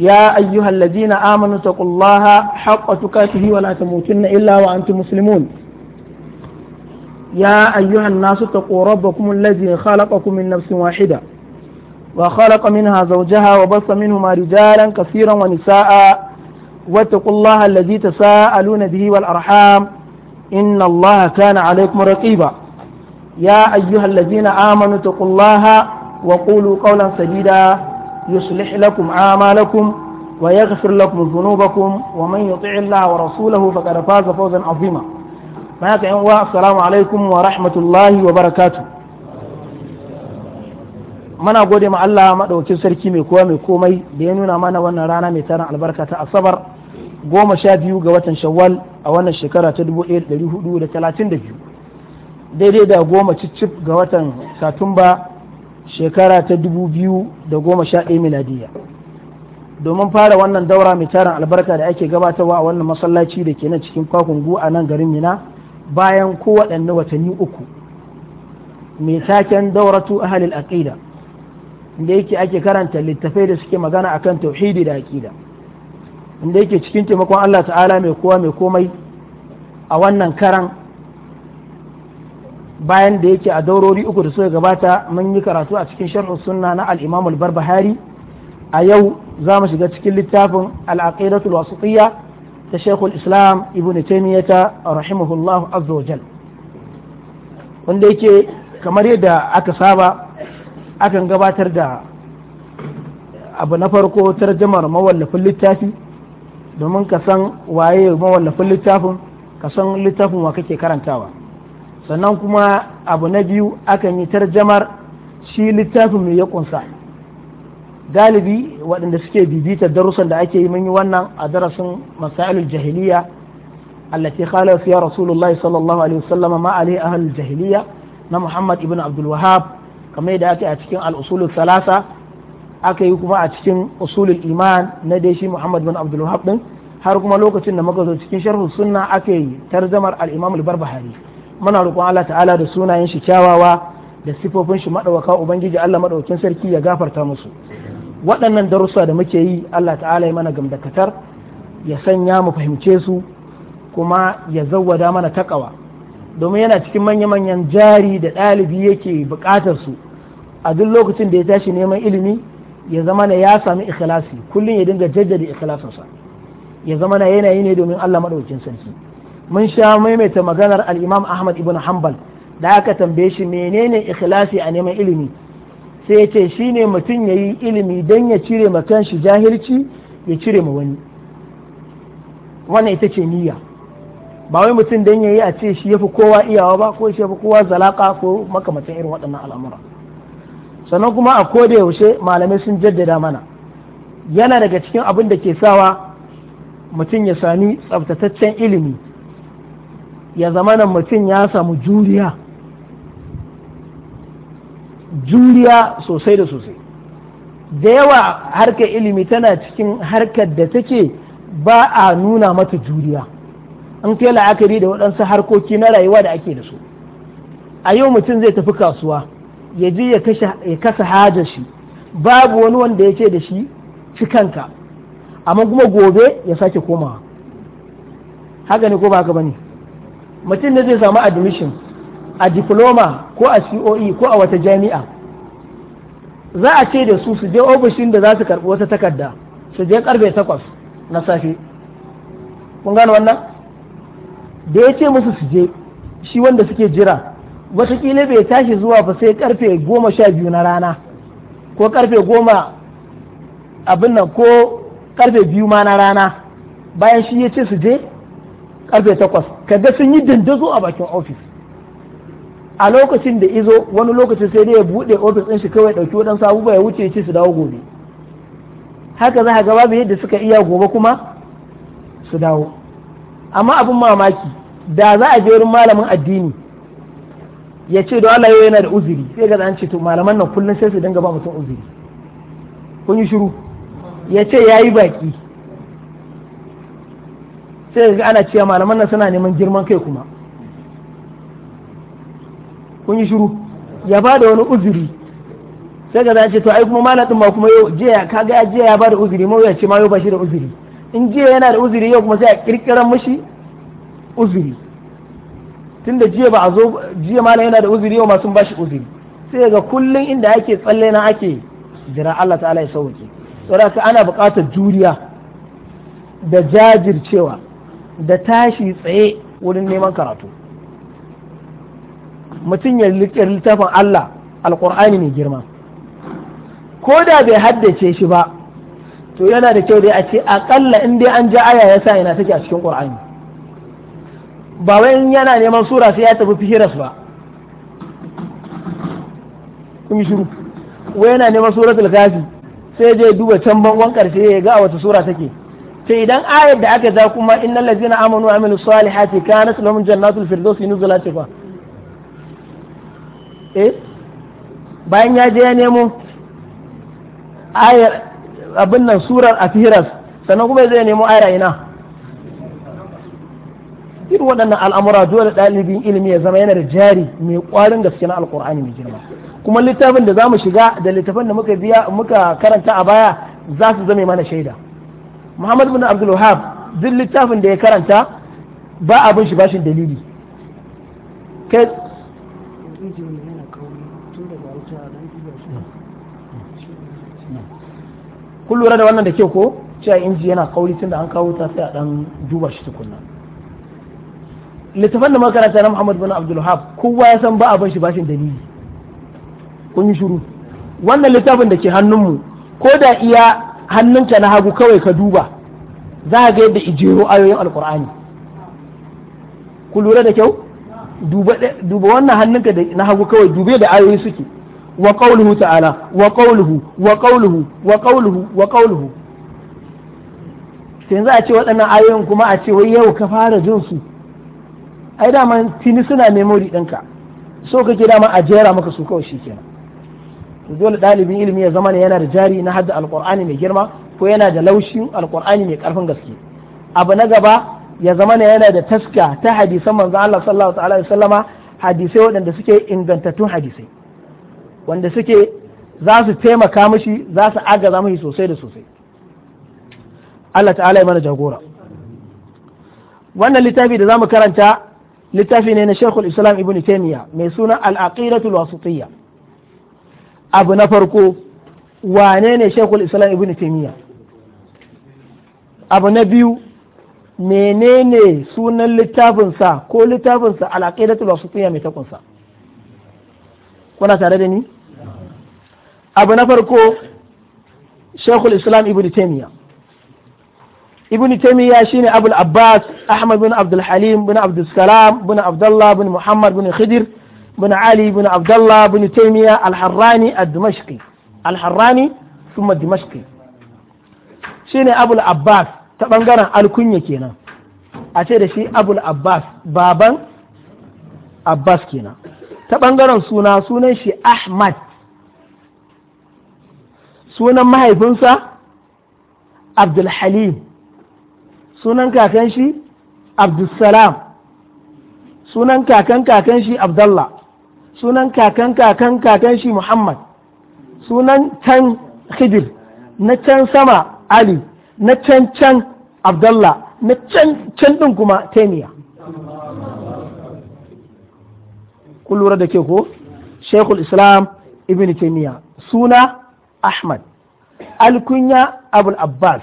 يا أيها الذين آمنوا اتقوا الله حق تقاته ولا تموتن إلا وأنتم مسلمون يا أيها الناس اتقوا ربكم الذي خلقكم من نفس واحدة وخلق منها زوجها وبص منهما رجالا كثيرا ونساء واتقوا الله الذي تساءلون به والأرحام إن الله كان عليكم رقيبا يا أيها الذين آمنوا اتقوا الله وقولوا قولا سديدا يصلح لكم أعمالكم ويغفر لكم ذنوبكم ومن يطع الله ورسوله فقد فاز فوزا عظيما معك أنواع السلام عليكم ورحمة الله وبركاته mana gode ma Allah maɗaukin sarki mai kowa mai komai da ya nuna mana wannan rana mai tarin albarka ta asabar goma sha biyu ga watan shawwal a wannan shekara ta dubu ɗaya da da biyu daidai da goma cicif ga watan satumba shekara ta dubu biyu da goma sha ɗaya miladiya domin fara wannan daura mai tarin albarka da ake gabatarwa a wannan masallaci da ke nan cikin kwakungu a nan garin mina bayan kowaɗanne watanni uku mai taken dauratu ahalil aƙida inda yake ake karanta littafai da suke magana akan tauhidi da aqida inda yake cikin taimakon Allah ta'ala mai kowa mai komai a wannan karan bayan da yake a daurori uku da suka gabata mun yi karatu a cikin sharhu sunna na al-imam al-barbahari a yau za mu shiga cikin littafin al al wasitiyya ta al islam ibn ta rahimahullahu azza wajal wanda yake kamar yadda aka saba akan gabatar da abu na farko tarjamar mawallafin littafi domin ka san waye mawallafin littafin ka san littafin wa kake karantawa sannan kuma abu na biyu akan yi tarjamar shi littafin mai ya kunsa galibi waɗanda suke bibita darussan da ake yi mun yi wannan a darasin masailul jahiliya allati khala fiya rasulullahi sallallahu alaihi wasallam ma alai ahlul jahiliya na muhammad ibn abdul wahhab kamar yadda ake a cikin al salasa aka yi kuma a cikin usulul iman na dai shi muhammad ibn abdul wahhab din har kuma lokacin da muka zo cikin sharhu sunna aka yi tarjamar al-imam al-barbahari muna roƙon Allah ta'ala da sunayen shi kyawawa da sifofin shi madawaka ubangiji Allah Maɗaukin sarki ya gafarta musu waɗannan darussa da muke yi Allah ta'ala ya mana gamdakatar ya sanya mu fahimce su kuma ya zawwada mana takawa domin yana cikin manya-manyan jari da ɗalibi yake buƙatar su a duk lokacin da ya tashi neman ilimi ya zama na ya sami ikhlasi kullum ya dinga jaddada ikhlasinsa ya zama na yanayi ne domin Allah Maɗaukin sarki mun sha maimaita maganar Alimam imam ahmad ibn hanbal da aka tambaye shi menene ikhlasi a neman ilimi sai ya ce ne mutum ya yi ilimi don ya cire ma kanshi jahilci ya cire ma wani wannan ita ce niyya ba wai mutum don ya yi a ce shi ya fi kowa iyawa ba ko shi ya fi kowa zalaka ko makamacin irin waɗannan al'amura sannan kuma a koda yaushe malamai sun jaddada mana yana daga cikin abin da ke sawa mutum ya sami tsabtataccen ilimi ya zama nan mutum ya samu juriya juriya sosai da sosai da yawa harkar ilimi tana cikin harkar da take ba a nuna mata juriya an kai la'akari da waɗansu harkoki na rayuwa da ake da su a yau mutum zai tafi kasuwa ya je ya kasa hajar shi babu wani wanda ya ce da shi cikanka amma kuma gobe ya sake komawa haka ne ko ba haka ne. mutum da zai samu admission a diploma ko a coe ko a wata jami'a za a ce da su su je ofishin da za su karɓi wata takarda su je karfe takwas na safe kun gane wannan da ya ce musu su je shi wanda suke jira watakila bai tashi zuwa ba sai karfe goma sha biyu na rana ko karfe goma abin nan ko karfe biyu ma na rana bayan shi ya ce su je karfe takwas kaga sun yi dandazo a bakin ofis a lokacin da izo wani lokacin sai dai ya buɗe ofis ɗin shi kawai ɗauki waɗansu abubuwa ya wuce ci su dawo gobe haka za a ga babu yadda suka iya gobe kuma su dawo amma abin mamaki da za a je wurin malamin addini ya ce da Allah yana da uzuri sai ga an ce to malaman nan kullum sai su dinga ba mutum uzuri kun yi shiru ya ce ya yi baki sai ga ana cewa malaman nan suna neman girman kai kuma kun yi shiru ya ba da wani uzuri sai ga ce to ai kuma malamin ma kuma yau jiya kaga ya jiya ya ba da uzuri mu ya ce ma yau ba shi da uzuri in jiya yana da uzuri yau kuma sai a kirkiran mishi uzuri tunda jiya ba a zo jiya malam yana da uzuri yau ma sun ba shi uzuri sai ga kullun inda ake tsalle na ake jira Allah ta'ala ya sauke saboda ana buƙatar juriya da jajircewa da tashi tsaye wurin neman karatu mutum ya liƙe littafin Allah alƙur'ani mai girma ko da bai haddace shi ba to yana da kyau dai a ce aƙalla in dai an ja aya ya sa yana take a cikin ƙur'ani ba wai in yana neman sura sai ya tafi hiras ba kun shiru wai yana neman sura sai sai je duba can bangon ƙarshe ya ga a wata sura take to idan ayar da aka ja kuma innal ladzina amanu wa amilus salihati kanat lahum jannatul firdausi nuzula ce fa eh bayan ya je ya nemo ayar abin nan surar afiras sannan kuma zai nemo ayar ina irin waɗannan al'amura dole ɗalibin ilimi ya zama yana da jari mai ƙwarin gaske na alƙur'ani mai girma kuma littafin da za mu shiga da littafin da muka muka karanta a baya za su zame mana shaida muhammad bin abdul wahab duk littafin da ya karanta ba abin shi bashin dalili kai kun lura da wannan da ke ko cewa inji yana kauri tun da an kawo ta sai a dan duba shi tukunna littafan da makaranta na muhammad bin abdul wahab kowa ya san ba abin shi bashin dalili kun yi shuru wannan littafin da ke hannunmu ko da iya hannunka na hagu kawai ka duba za ga yadda ijero ayoyin alkur'ani ku lura da kyau duba wannan hannunka na hagu kawai dube da ayoyi suke wa qawluhu ta'ala wa qawluhu wa qawluhu wa qawluhu wa qawluhu sai yanzu a ce waɗannan ayoyin kuma a ce wai yau ka fara jin su ai daman tini suna memory ɗinka so kake dama a jera maka su kawai shikenan dole ɗalibin ilimi ya zama ne yana da jari na hadda alqur'ani mai girma ko yana da laushin alkur'ani mai karfin gaske abu na gaba ya zama ne yana da taska ta hadisan manzo Allah sallallahu alaihi wasallama hadisai waɗanda suke ingantattun hadisai wanda suke za su taimaka mishi za su agaza mishi sosai da sosai Allah ta'ala ya mana jagora wannan littafi da zamu karanta littafi ne na Sheikhul Islam Ibn Taymiyyah mai suna Al-Aqidatul Wasitiyyah abu na farko wane ne shekul islam ibn taimiyya abu na biyu menene sunan littafinsa ko littafinsa al'aqidatul wasitiyya mai takunsa kuna tare da ni abu na farko shekul islam ibn taimiyya ibn shi shine abul abbas ahmad bin abdul halim bin abdul salam bin abdullah bin muhammad bin khidir بن علي بن عبد الله بن تيمية الحراني الدمشقي الحراني ثم الدمشقي شيني أبو العباس تبنغرا الكنية كينا أتيري شي أبو العباس بابا عباس كينا تبنغرا سونا سونا شي أحمد sunan mahaifinsa abdulhalim sunan kakan shi abdulsalam sunan kakan kakan shi abdullah sunan kakan kakan kakan shi muhammad sunan can khidir na can sama ali na can can Abdullah na can can din kuma taimiya kun lura da ke ko shekul islam ibn taimiya suna ahmad alkunya abul abbas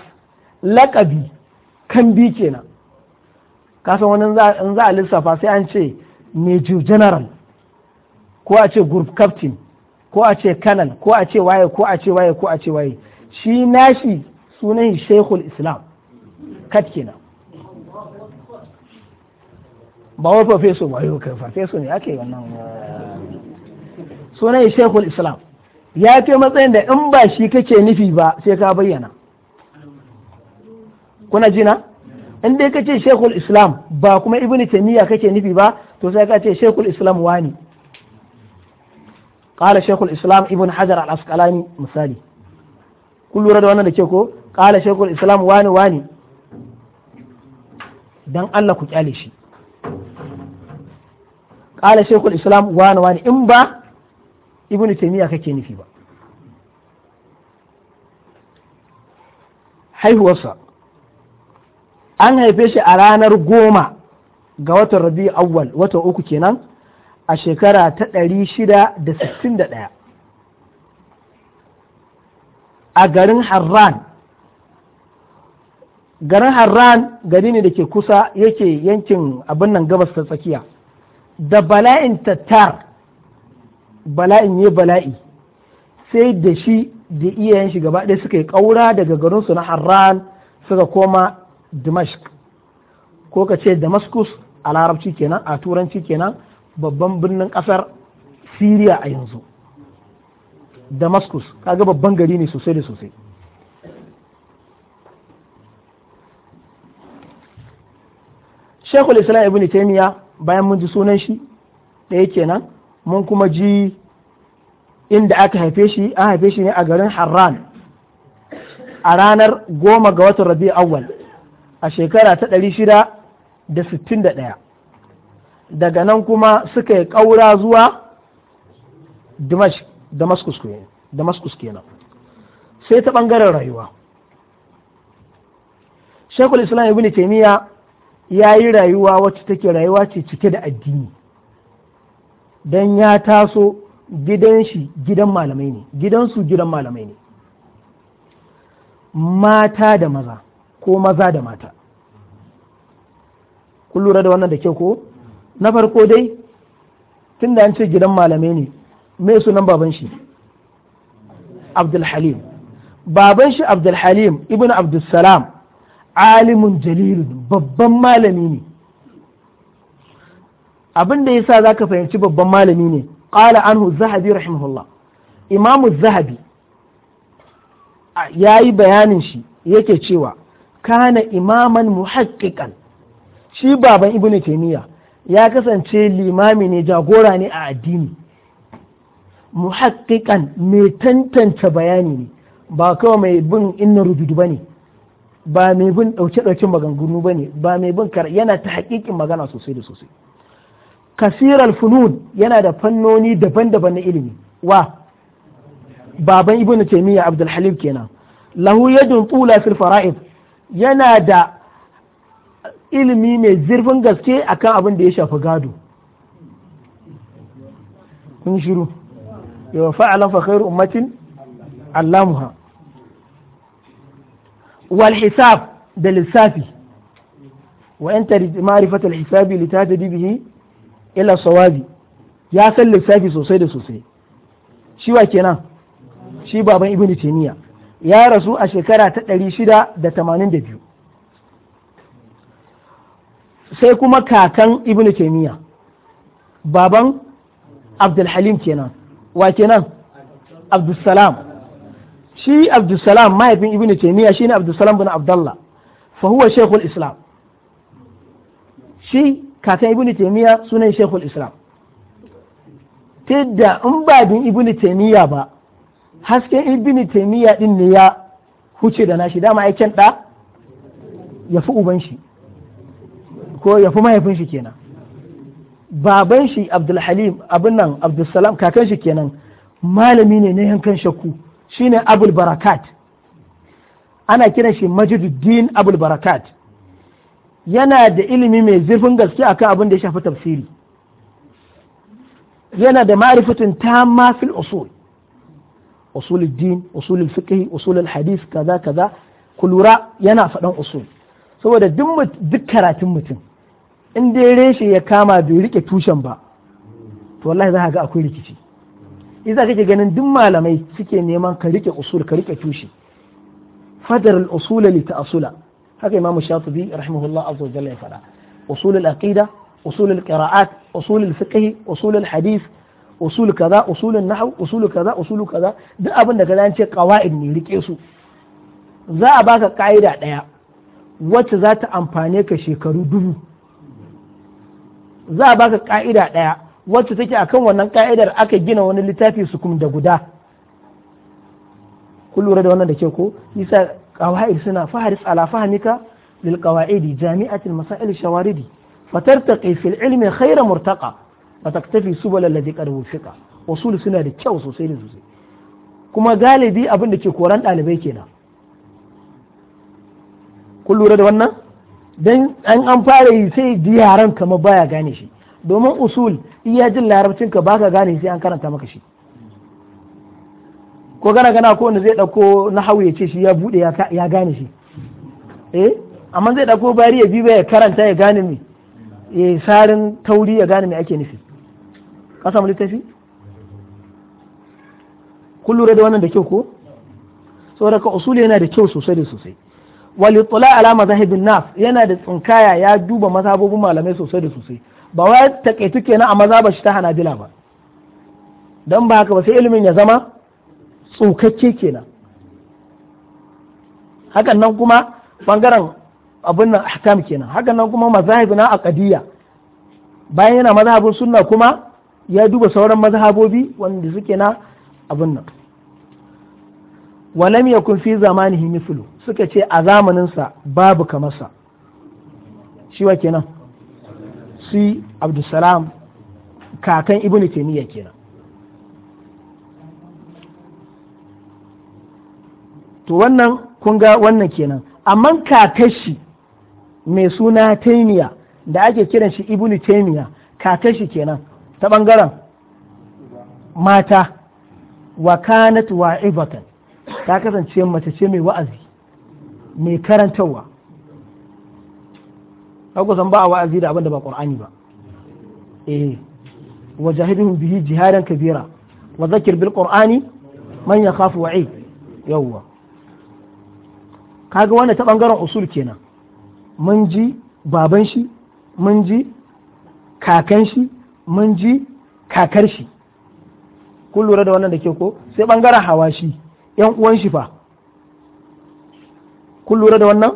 laƙabi kambi kenan kasan wani za a lissafa sai an ce major general ko a ce group captain ko a ce canal ko a ce waye ko a ce waye ko a ce waye shi nashi sunan shekul islam kat kenan ba wai professor ba yau kai professor ne ake wannan eh. sunan shekul islam ya kai matsayin da in ba shi kake nufi ba sai ka bayyana kuna jina in dai kace shekul islam ba kuma ibnu taymiya kake nufi ba to sai ka ce shekul islam wani qala shaykhul islam ibn hajar al asqalani misali kun da wannan da ke ko qala shaykhul islam wani wani dan Allah ku kyale shi qala shaykhul islam wani wani in ba ibn taymiya kake nufi ba haihuwarsa an haife shi a ranar goma ga watan rabi'u awwal watan uku kenan a shekara ta ɗari shida da sittin da ɗaya a garin harran garin harran gari ne da ke kusa yake yankin abin nan gabas ta tsakiya da bala'in tattar bala'in ya bala'i sai da shi da iyayen shi gaba ɗaya suka yi ƙaura daga garinsu na harran suka koma dimashq ko ka ce damascus a larabci kenan a turanci kenan babban birnin kasar Siriya a yanzu Damascus kaga babban gari ne sosai da sosai Shekul Islam Ibn Taymiyyah bayan mun ji sunan shi da yake nan mun kuma ji inda aka haife shi an haife shi ne a garin Harran a ranar goma ga watan Rabi'u Awwal a shekara ta ɗari shida da sittin da ɗaya daga nan kuma suka yi ƙaura zuwa damascus kenan sai ta ɓangaren rayuwa shekul islam ibn taimiyya ya yi rayuwa wacce take rayuwa ce cike da addini don ya taso gidan shi gidan malamai ne gidansu gidan malamai ne mata da maza ko maza da mata kun lura da wannan da kyau ko na farko dai tun da an ce gidan malamai ne me sunan baban shi abdulhalim baban shi abdulhalim ibn abdulsalam alimun jalilun babban malami ne abin da yasa zaka fahimci babban malami ne qala anhu zahabi rahimahullah imamu zahabi ya yi bayanin shi yake cewa kana imaman muhaqqiqan shi baban ibnu taymiya ya kasance limami ne jagora ne a addini muhaqqiqan mai tantance bayani ne ba kawai mai bin inna rududu ba ne ba mai bin ɗauke-ɗauken maganganu ba ne ba mai bin kar yana ta haƙiƙin magana sosai da sosai kasir alfunun yana da fannoni daban-daban na ilimi wa baban ibnu taymiya abdul halim kenan lahu yadun tula fil fara'id yana da ilimi mai zirfin gaske akan abin da ya shafi gado kun shiru yawa fa'alan fa khairu ummatin allamuha wal hisab da lissafi wa anta ma'rifat al hisabi litatadi bihi ila sawabi ya san lissafi sosai da sosai shi wa kenan shi baban ibnu taymiya ya rasu a shekara ta ɗari shida da biyu. sai kuma kakan ibn taimiyya baban abdulhalim kenan wa kenan abdulsalam shi abdulsalam mahaifin ibn taimiyya shine abdulsalam bin abdullah fa huwa shaykhul islam shi kakan ibn taimiyya sunan shaykhul islam tidda in ba bin ibn taimiyya ba hasken ibn taimiyya din ne ya huce da nashi dama aiken da ya fi uban shi ko ya fi mahaifin shi kenan baban shi abdulhalim abin nan abdulsalam kakan shi kenan malami ne na yankan shakku shine abul barakat ana kiran shi majiduddin abul barakat yana da ilimi mai zurfin gaske akan abin da ya shafi tafsiri yana da ma'rifatin tamma fil usul usul din usul fiqh usul hadith kaza kaza kulura yana faɗan usul saboda duk karatun mutum in dai reshe ya kama bai rike tushen ba to wallahi za ka ga akwai rikici idan kake ganin duk malamai suke neman ka rike usul ka rike tushe fadar al-usul li ta'sula haka imam shafi'i rahimahullah azza wa jalla ya fada usul al-aqida usul al-qira'at usul al-fiqh usul al-hadith usul kaza usul an-nahw usul kaza usul kaza duk abin da ka zan ce qawaid ne rike su za a baka ka'ida daya wacce za ta amfane ka shekaru dubu za a baka ka'ida ɗaya wacce take akan wannan ka'idar aka gina wani littafi su da guda kun lura da wannan da ke ko yasa qawaid suna faharis ala fahmika lil qawaidi jami'atil masail shawaridi fatartaqi fil ilmi khayra murtaqa wa taktafi subul alladhi qad wufiqa usul suna da kyau sosai da sosai kuma galibi abin da ke koran ɗalibai kenan kun lura da wannan dan an an fara yi sai ji yaran kama baya gane shi domin usul iya jin larabcin ka baka gane sai an karanta maka shi ko gana gana ko wanda zai dauko na hawu ya ce shi ya bude ya gane shi eh amma zai dauko bari ya bi ya karanta ya gane me ya sarin tauri ya gane me ake nufi ka samu littafi kun da wannan da kyau ko saboda ka usul yana da kyau sosai da sosai wali tula ala mazahibin nas yana da tsinkaya ya duba mazhabobin malamai sosai da sosai ba wai takaitu kenan a mazhabar shi ta hanabila ba dan ba haka ba sai ilimin ya zama tsukakke kenan hakan nan kuma bangaren abin nan ahkam kenan hakan nan kuma mazhabi na aqdiyya bayan yana mazhabin sunna kuma ya duba sauran mazhabobi wanda suke na abin nan walam yakun fi zamanihi mithlu suka ce a zamaninsa babu kamarsa shi wa kenan si abdulsalam kakan Ibn taimiyya kenan to wannan kun ga wannan kenan amma kakashi mai suna taimiya da ake kiran shi Ibn taimiya kakashi kenan ta bangaren mata wa kanat wa ibatan ta kasance mace ce mai wa'azi mai karantarwa haka san ba a wa'azi da abin da ba qur'ani ba eh wa jahidhum bihi jihadan kabira wa zakir bil qur'ani man yakhafu wa'i yawwa kaga wannan ta bangaren usul kenan mun ji baban shi mun ji kakan shi mun ji kakar shi kun lura da wannan da ke ko sai bangaren hawa shi yan uwan shi fa kun lura da wannan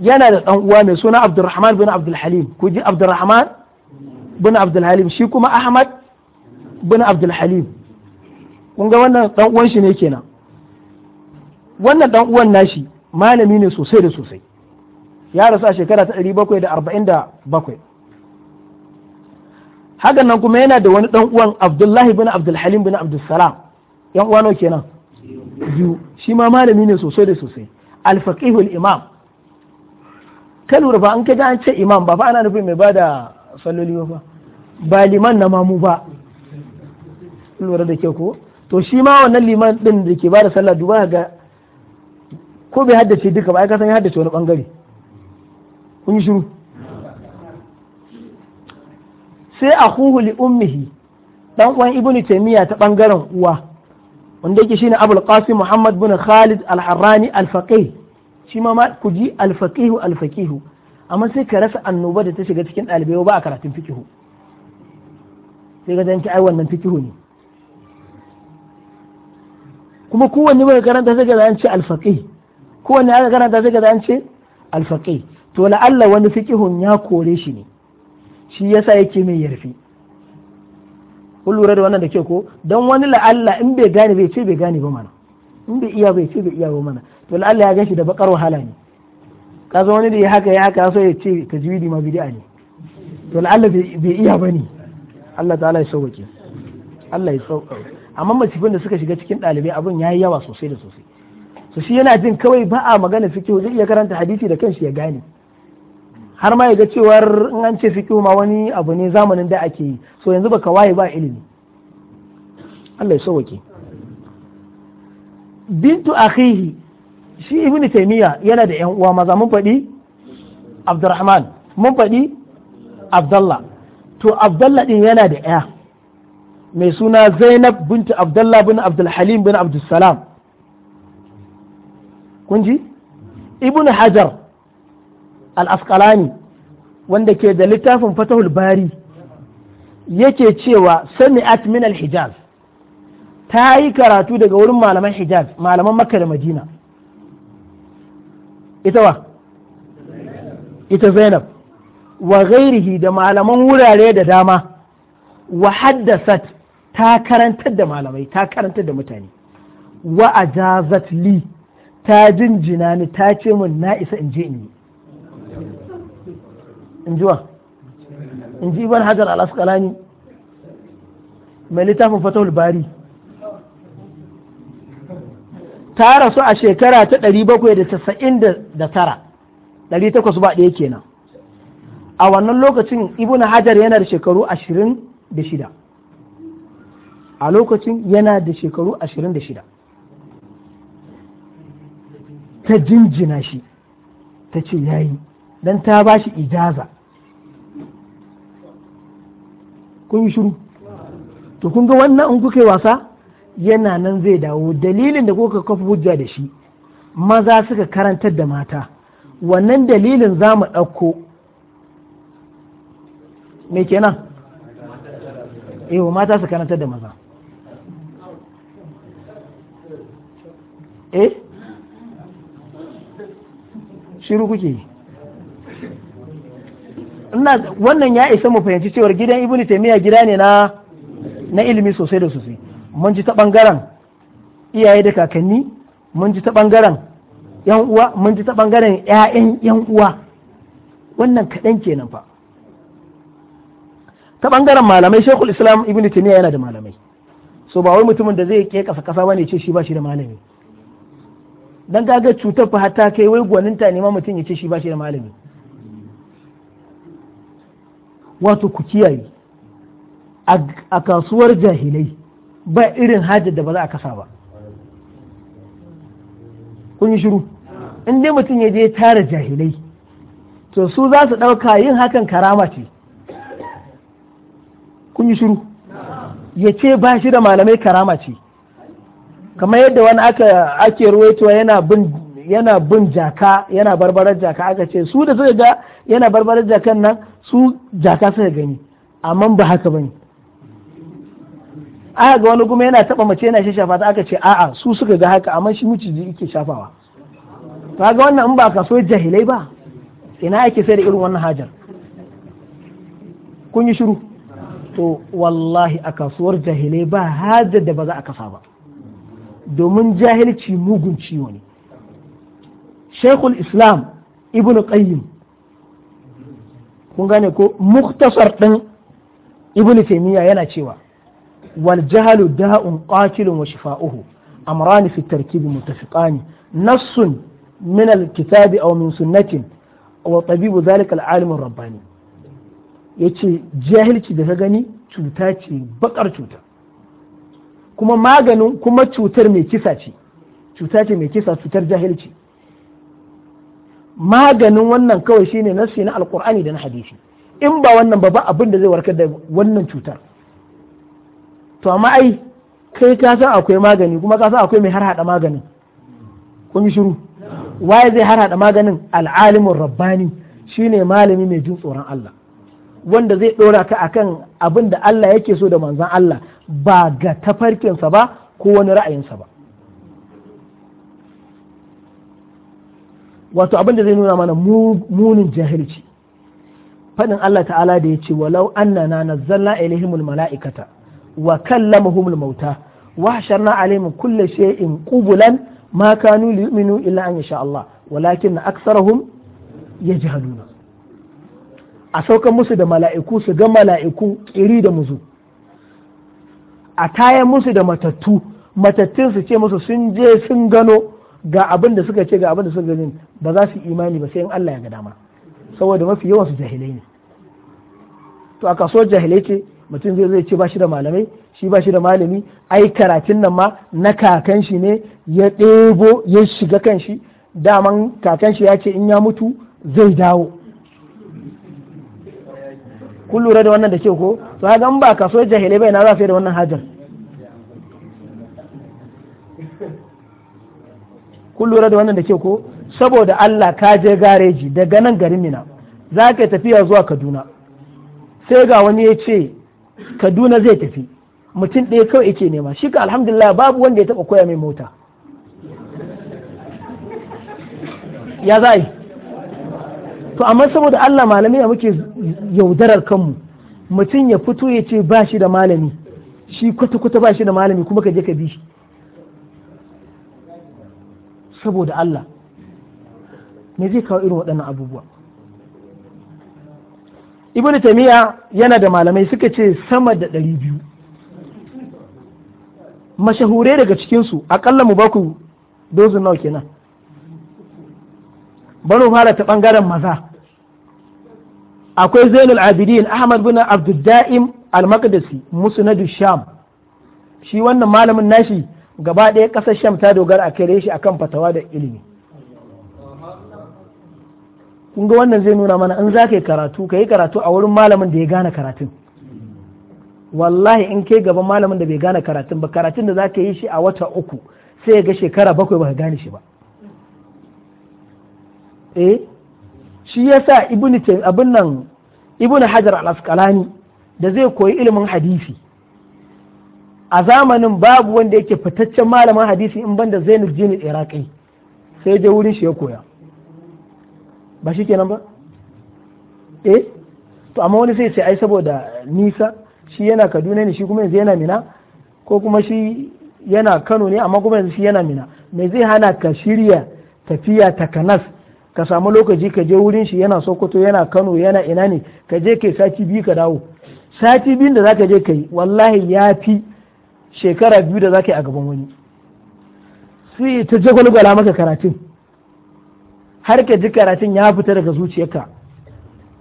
yana da ɗan uwa mai suna Abdulrahman bin abdulhalim ku ji Abdulrahman bin abdulhalim shi kuma ahmad bin abdulhalim kun ga wannan ɗan uwan shi ne kenan wannan ɗan uwan nashi malami ne sosai da sosai ya rasu a shekara ta 747 hakan nan kuma yana da wani ɗan uwan abdullahi bin abdulhalim bin abdulsalam yan uwa nawa kenan biyu shi ma malami ne sosai da sosai alfaqihul imam ka lura ba an ka an ce imam ba fa ana nufin mai bada salloli ba ba liman na mamu ba lura da ke ko to shi ma wannan liman din da ke bada sallah duba ga ko bai haddace duka ba ai ka san ya haddace wani bangare kun yi shiru sai a li ummihi dan uwan ibnu taymiya ta bangaren uwa wanda yake shine abul qasim muhammad bin khalid al-harrani al-faqih shi ma ku ji al-faqih al-faqih amma sai ka rasa annoba da ta shiga cikin ɗalibai ba a karatun fikihu sai ka zanci ai wannan fikihu ne kuma kowanne mai karanta sai ka zanci al-faqih kowanne aka karanta sai ka zanci al-faqih to la'alla wani fikihun ya kore shi ne shi yasa yake mai yarfi kun lura da wannan da ke ko don wani la'alla in bai gane bai ce bai gane ba mana in bai iya bai ce bai iya ba mana to la'alla ya gashi da bakar wahala ne ka zo wani da ya haka ya haka so ya ce ka tajwidi ma bid'a ne to la'alla bai iya ba ne Allah ta'ala ya sauke Allah ya sauke amma masifin da suka shiga cikin ɗalibai abin yayi yawa sosai da sosai so shi yana jin kawai ba a magana fikihu zai iya karanta hadisi da kanshi ya gane har ma ya ga cewar in an ce fiqhu ma wani abu ne zamanin da ake yi so yanzu baka waye ba ilimi Allah ya sauke bintu akhihi shi ibnu taymiya yana da yan uwa maza mun faɗi abdurrahman mun faɗi abdullah to abdullah din yana da ya mai suna zainab bintu abdullah bin abdulhalim bin abdulsalam kun ji ibnu hajar al askalani wanda ke da littafin fatahul bari yake cewa sani min al-hijaz ta yi karatu daga wurin malaman hijaz malaman makka da madina ita wa ita zainab wa gairihi da malaman wurare da dama wa haddasat ta karantar da malamai ta karantar da mutane wa ajazat li ta jinjina ni ta ce min na isa in je in yi in ji wa in ji ibn hajar al-asqalani mai littafin fatahul bari ta rasu a shekara ta 799 800 ba ɗaya kenan a wannan lokacin ibn hajar yana da shekaru 26 a lokacin yana da shekaru 26 ta jinjina shi ta ce yayi don ta ba shi ijaza kun shiru to kun ga wannan in kuka yi wasa yana nan zai dawo dalilin da kuka kafa hujja da shi maza suka karantar da mata wannan dalilin za mu ɗauko me kenan ewa mata su karantar da maza eh shiru kuke yi ina wannan ya isa mu fahimci cewar gidan ibn taymiya gida ne na na ilimi sosai da sosai mun ji ta bangaren iyaye da kakanni mun ji ta bangaren yan uwa mun ji ta bangaren ƴaƴan yan uwa wannan kaɗan kenan fa ta bangaren malamai shekul islam ibn taymiya yana da malamai so ba wai mutumin da zai ke kasa kasa bane ce shi ba shi da malami dan kaga cutar fa hatta kai wai gwaninta ne ma mutum ya ce shi ba shi da malami wato ku kiyaye a kasuwar jahilai ba irin hajar da ba za a kasa ba kun yi shiru in dai mutum ya je tara jahilai to su za su ɗauka yin hakan karama ce kun yi shiru ya ce ba shi da malamai karama ce kamar yadda wani aka ake ruwaito yana bin yana bin jaka yana barbarar jaka aka ce su da suka ga yana barbarar jakan nan su jaka suka gani amma ba haka bane aka ga wani kuma yana taba mace yana shafa ta aka ce a'a su suka ga haka amma shi miciji yake shafawa ga wannan in ba so jahilai ba ina ake sai da irin wannan hajar kun yi shiru to wallahi a kasuwar jahilai ba hajar da ba za a kasa ba domin jahilci mugun ciwo ne shekul islam ibn qayyim kun ko muktasar ɗin ibn taimiyya yana cewa waljahalu jahalu da'un qatilun wa shifa'uhu amrani fi tarkibi mutafiqani nassun min al-kitabi aw min sunnatin wa tabibu zalika al-alim rabbani yace jahilci da ka gani baƙar ce bakar kuma maganin kuma cutar mai kisa ce cuta mai kisa cutar jahilci maganin wannan kawai shine nassi na alkur'ani da na hadisi in ba wannan ba ba abin da zai warkar da wannan cutar to amma ai kai ka san akwai magani kuma ka san akwai mai harhaɗa maganin kun yi shiru waye zai harhaɗa maganin al'alimin rabbani shine malami mai jin tsoron Allah wanda zai ɗora ka akan abin da Allah yake so da manzon Allah ba ga tafarkinsa ba ko wani ra'ayinsa ba wato abin da zai nuna mana munin jahilci faɗin Allah ta'ala da ya ce walau annana nazzalna ilaihimul mala'ikata wa kallamuhumul mauta wa hasharna alaihim kulli shay'in qubulan ma kanu liyu'minu illa an yasha Allah walakin aksarahum yajhaluna a saukan musu da mala'iku su ga mala'iku kiri da muzu a tayan musu da matattu matattun su ce musu sun je sun gano ga abin da suka ce ga abin da suka gani ba za su imani ba sai in Allah ya ga dama saboda mafi yawan su jahilai ne to a kasuwar jahilai ce mutum zai zai ce ba shi da malamai shi ba shi da malami ai karatun nan ma na kakan shi ne ya ɗebo ya shiga kan shi daman kakan shi ya ce in ya mutu zai dawo kun lura da wannan da ke ko to haka in ba kasuwar jahilai bai na za su yi da wannan hajar kun lura da wannan da ke ko saboda Allah ka je gareji daga nan garin mina za ka tafiya zuwa kaduna sai ga wani ya ce kaduna zai tafi mutum ɗaya kawai yake nema shi ka alhamdulillah babu wanda ya taɓa koya mai mota ya za yi to amma saboda Allah malamai ya muke yaudarar kanmu mutum ya fito ya ce ba shi da malami shi kwata-kwata ba shi da malami kuma ka je ka bi shi saboda Allah me zai kawo irin waɗannan abubuwa ibn tamiya yana da malamai suka ce sama da ɗari biyu mashahure daga cikinsu akalla mu baku dozin nawa kenan bari fara ta ɓangaren maza akwai zainul abidin ahmad bin abdul da'im al-maqdisi musnadu sham shi wannan malamin nashi gaba ɗaya ƙasar sham ta dogara a kere shi akan fatawa da ilimi kun ga wannan zai nuna mana in za ka yi karatu ka yi karatu a wurin malamin da ya gane karatun wallahi in kai gaban malamin da bai gane karatun ba karatun da za ka yi shi a wata uku sai ga shekara bakwai ba ka gane shi ba eh shi ya sa abin nan ibnu hajar al-asqalani da zai koyi ilimin hadisi a zamanin babu wanda yake fitaccen malamin hadisi in banda Zainul jini iraki sai je wurin shi ya koya ba shi kenan ba eh to amma wani sai sai ai saboda nisa shi yana Kaduna ne shi kuma yanzu yana Mina ko kuma shi yana Kano ne amma kuma yanzu shi yana Mina me zai hana ka shirya tafiya ta Kanas ka samu lokaci ka je wurin shi yana Sokoto yana Kano yana ina ne ka je kai sati biyu ka dawo sati biyun da zaka je kai wallahi ya fi shekara biyu da za ka yi a gaban wani sai ta jagwalgwala maka karatun har ka ji karatun ya fita daga zuciyarka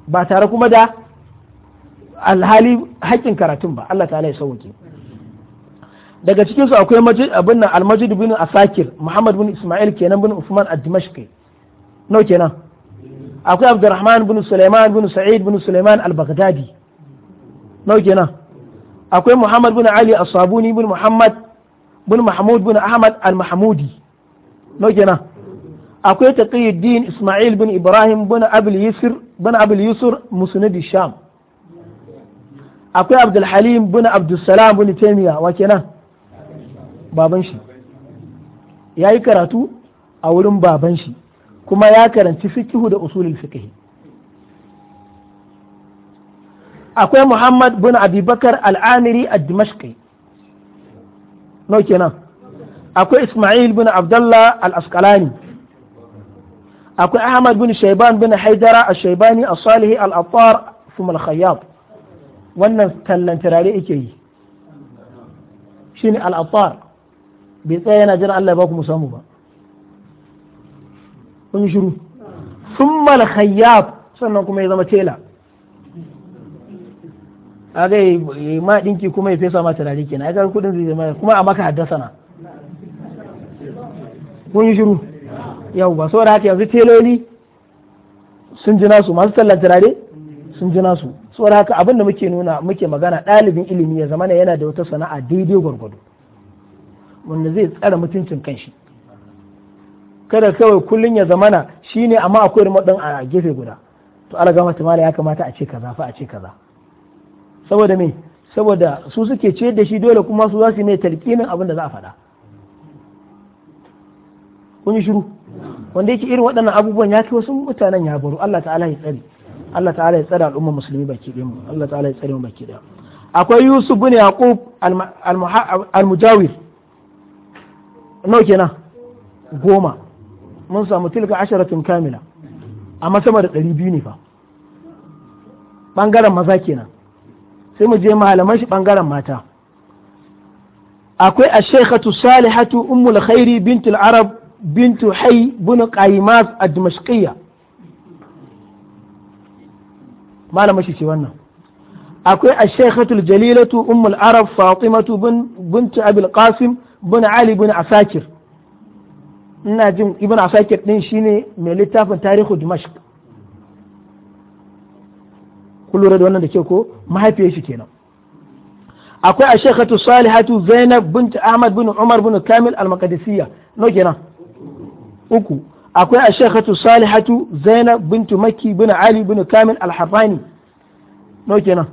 ba tare kuma da alhali haƙƙin karatun ba Allah ta ya sauke daga cikin su akwai majid abin nan almajid bin asakir muhammad bin isma'il kenan bin usman ad-dimashqi no kenan akwai abdurrahman bin sulaiman bin sa'id bin sulaiman al-baghdadi no kenan akwai Muhammad bin Ali As-Sabuni bin Muhammad bin Mahmud bin Ahmad Al-Mahmudi no kenan akwai Taqiyuddin Ismail bin Ibrahim bin Abul Yusr bin Abul Yusr Musnad Sham akwai Abdul Halim bin Abdul Salam bin Taymiya wa kenan baban shi yayi karatu a wurin baban shi kuma ya karanci fiqhu da usulul fiqh akwai muhammad bin abubakar al'amiri a dimashqi kenan akwai ismail bin abdullah al akwai ahmad bin shaiban bin haidara a shaibani a salihi al-attar khayyab wannan tallan turare yake yi shine al-attar bai tsaya yana jira Allah ya baku musamu ba kun shiru thumma khayyab sannan kuma ya zama tela aga yi ma dinki kuma ya fesa ma turare kenan aga kudin zai zama kuma a maka haddasa na kun yi shiru yau ba saboda haka yanzu teloli sun ji nasu masu tallan turare sun ji nasu saboda haka abin da muke nuna muke magana ɗalibin ilimi ya zamana yana da wata sana'a daidai gwargwado wanda zai tsara mutuncin kanshi kada kawai kullun ya zamana shine amma akwai dan a gefe guda to alaga mata ya kamata a ce kaza fa a ce kaza saboda me saboda su suke ce da shi dole kuma su za su mai talqinin abin da za a faɗa kun yi shiru wanda yake irin waɗannan abubuwan ya fi wasu mutanen ya baro Allah ta'ala ya tsare Allah ta'ala ya tsare al'umma musulmi baki ɗaya mu Allah ta'ala ya tsare mu baki ɗaya akwai Yusuf bin Yaqub al-Mujawir nawa kenan goma mun samu tilka asharatin kamila amma sama da ɗari biyu ne fa ɓangaren maza kenan sai mu je malaman shi bangaren mata akwai a shekatu salihatu ummul khairi bintul arab bintu hay bin qaimas a dimashqiyya malaman shi ce wannan akwai a shekatu jalilatu ummul arab fatimatu bintu abul qasim bin ali bin asakir ina jin ibn asakir din shine mai littafin tarihu dimashq kun lura da wannan da ke ko mahaifiyar shi kenan akwai a shekatu salihatu zainab Binta ahmad bin umar bin kamil al-maqdisiyya no kenan uku akwai a shekatu salihatu zainab bint makki bin ali bin kamil al-harrani no kenan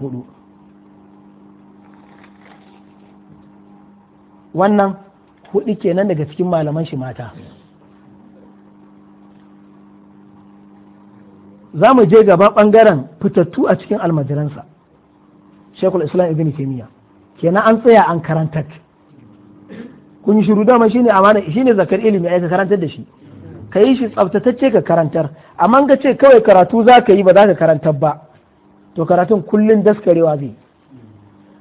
hudu wannan hudu kenan daga cikin malaman shi mata za mu je gaba ɓangaren fitattu a cikin almajiransa shekul islam ibn kimiyya kenan an tsaya an karantar kun yi shiru dama shine amana shine zakar ilimi ai ka karantar da shi ka yi shi tsaftatacce ka karantar amma ga ce kawai karatu za ka yi ba za ka karantar ba to karatun kullun daskarewa zai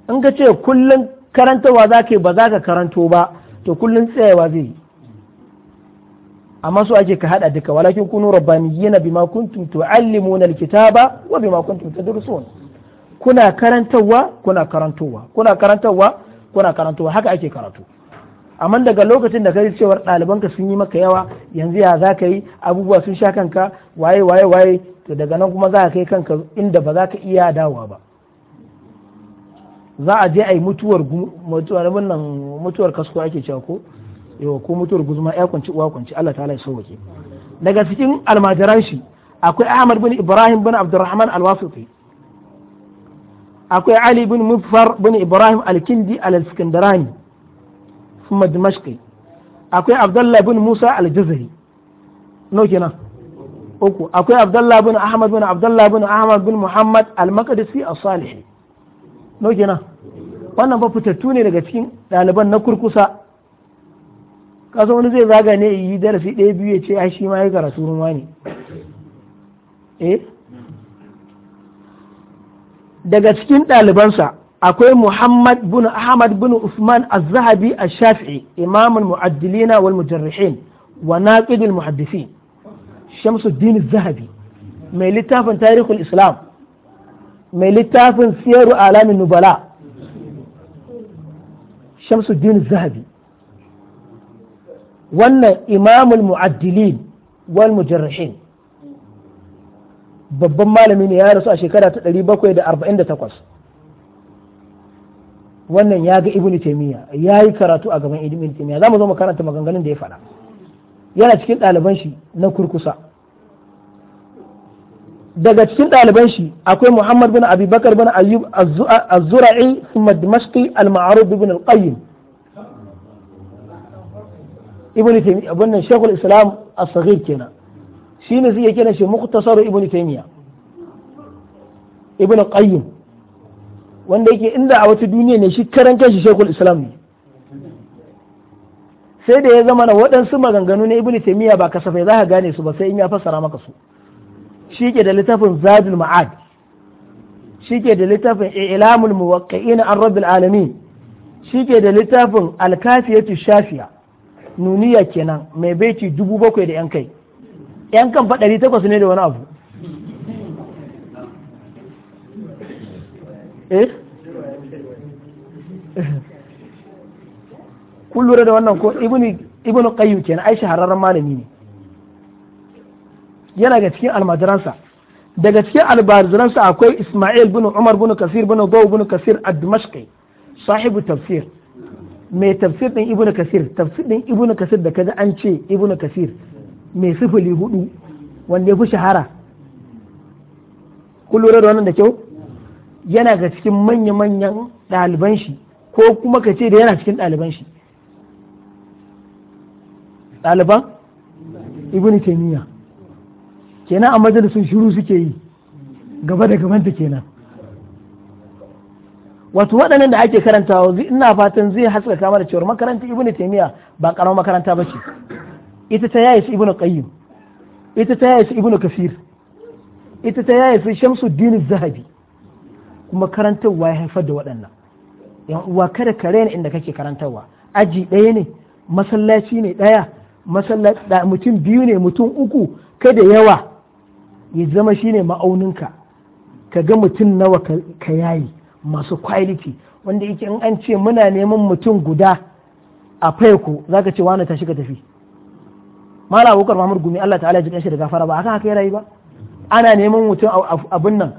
in ka ce kullun karantarwa za ka yi ba za ka karanto ba to kullun tsayawa zai yi amma su ake ka hada duka walakin kunu rabbaniyina bima kuntum tuallimuna alkitaba wa bima kuntum tadrusun kuna karantawa kuna karantowa kuna karantawa kuna karantowa haka ake karatu amma daga lokacin da kai cewar ɗalibanka sun yi maka yawa yanzu ya za ka yi abubuwa sun sha kanka waye waye waye to daga nan kuma za ka kai kanka inda ba za ka iya dawowa ba za a je a yi mutuwar mutuwar kasko ake cewa ko yau ko mutuwar guzuma ya kunci uwa kunci Allah ta ya sauwake daga cikin almajiran shi akwai Ahmad bin Ibrahim bin Abdurrahman al akwai Ali bin Mufar bin Ibrahim al-Kindi al-Iskandarani kuma Dimashqi akwai Abdullahi bin Musa al-Jazari no kenan uku akwai Abdullahi bin Ahmad bin Abdullahi bin Ahmad bin Muhammad al makadisi as-Salih no kenan wannan ba fitattu ne daga cikin ɗaliban na kurkusa kasan wani zai zaga ne yi darasi ɗaya biyu ya ce ai shi ma ya karatu ruwa ne eh daga cikin ɗalibansa akwai Muhammad bin Ahmad bin Usman Az-Zahabi Ash-Shafi'i imamul mu'addilina wal mujarrihin wa naqidul muhaddisin Shamsuddin Az-Zahabi mai littafin Tarihul Islam mai littafin Siyaru Alamin Nubala Shamsuddin Az-Zahabi wannan imamul mu'addilin wal mujarrihin babban malami ne ya rasu a shekara ta 748 wannan ya ga ibnu taymiya ya yi karatu a gaban ibnu taymiya za mu zo mu karanta maganganun da ya faɗa yana cikin ɗaliban shi na kurkusa daga cikin ɗaliban shi akwai muhammad bin abubakar bin ayyub az-zura'i thumma dimashqi al-ma'ruf bin al-qayyim ibn taymiya abin nan shekul islam as-saghir kenan shine zai kira shi mukhtasar ibn taymiya ibn qayyim wanda yake inda a wata duniya ne shi karan kanshi shekul islam ne sai da ya zama na waɗansu maganganu na ibn taymiya ba kasafai za ka gane su ba sai in ya fassara maka su shi ke da littafin zadul ma'ad shi ke da littafin ilamul muwaqqi'ina an rabbil alamin shi ke da littafin alkafiyatu shafiya nuniya kenan mai baiti dubu bakwai da yan kai yan kan fa ɗari takwas ne da wani abu eh kun lura da wannan ko ibn qayyim kenan aisha hararren malami ne yana ga cikin almajiransa daga cikin almajiransa akwai isma'il bin umar bin kasir bin dawu bin kasir ad-dimashqi sahibu tafsir mai tafsir din ibnu kasir tafsir din ibnu kasir da kaza an ce ibnu kasir mai sifili hudu wanda ya fi shahara ku lura da wannan da kyau yana ga cikin manya-manyan ɗaliban shi ko kuma ka ce da yana cikin ɗaliban shi ɗaliban ibnu taymiya kenan a majalisun shiru suke yi gaba da gabanta kenan wato waɗannan da ake karantawa ina fatan zai haskaka mana cewar makaranta ibnu taymiya ba karamar makaranta bace ita ta yaye su ibnu qayyim ita ta yaye su ibnu kafir ita ta yaye su shamsuddin zahabi kuma karantarwa ya haifar da waɗannan yan uwa kada ka raina inda kake karantarwa aji ɗaya ne masallaci ne ɗaya mutum biyu ne mutum uku kada yawa ya zama shine ma'auninka ka ga mutum nawa ka yayi masu quality wanda yake in an ce muna neman mutum guda a za zaka ce wani tashi ka tafi mala abokan mahmud gumi Allah ta'ala ji kanshi da gafara ba aka haka ya rayu ba ana neman mutum abun nan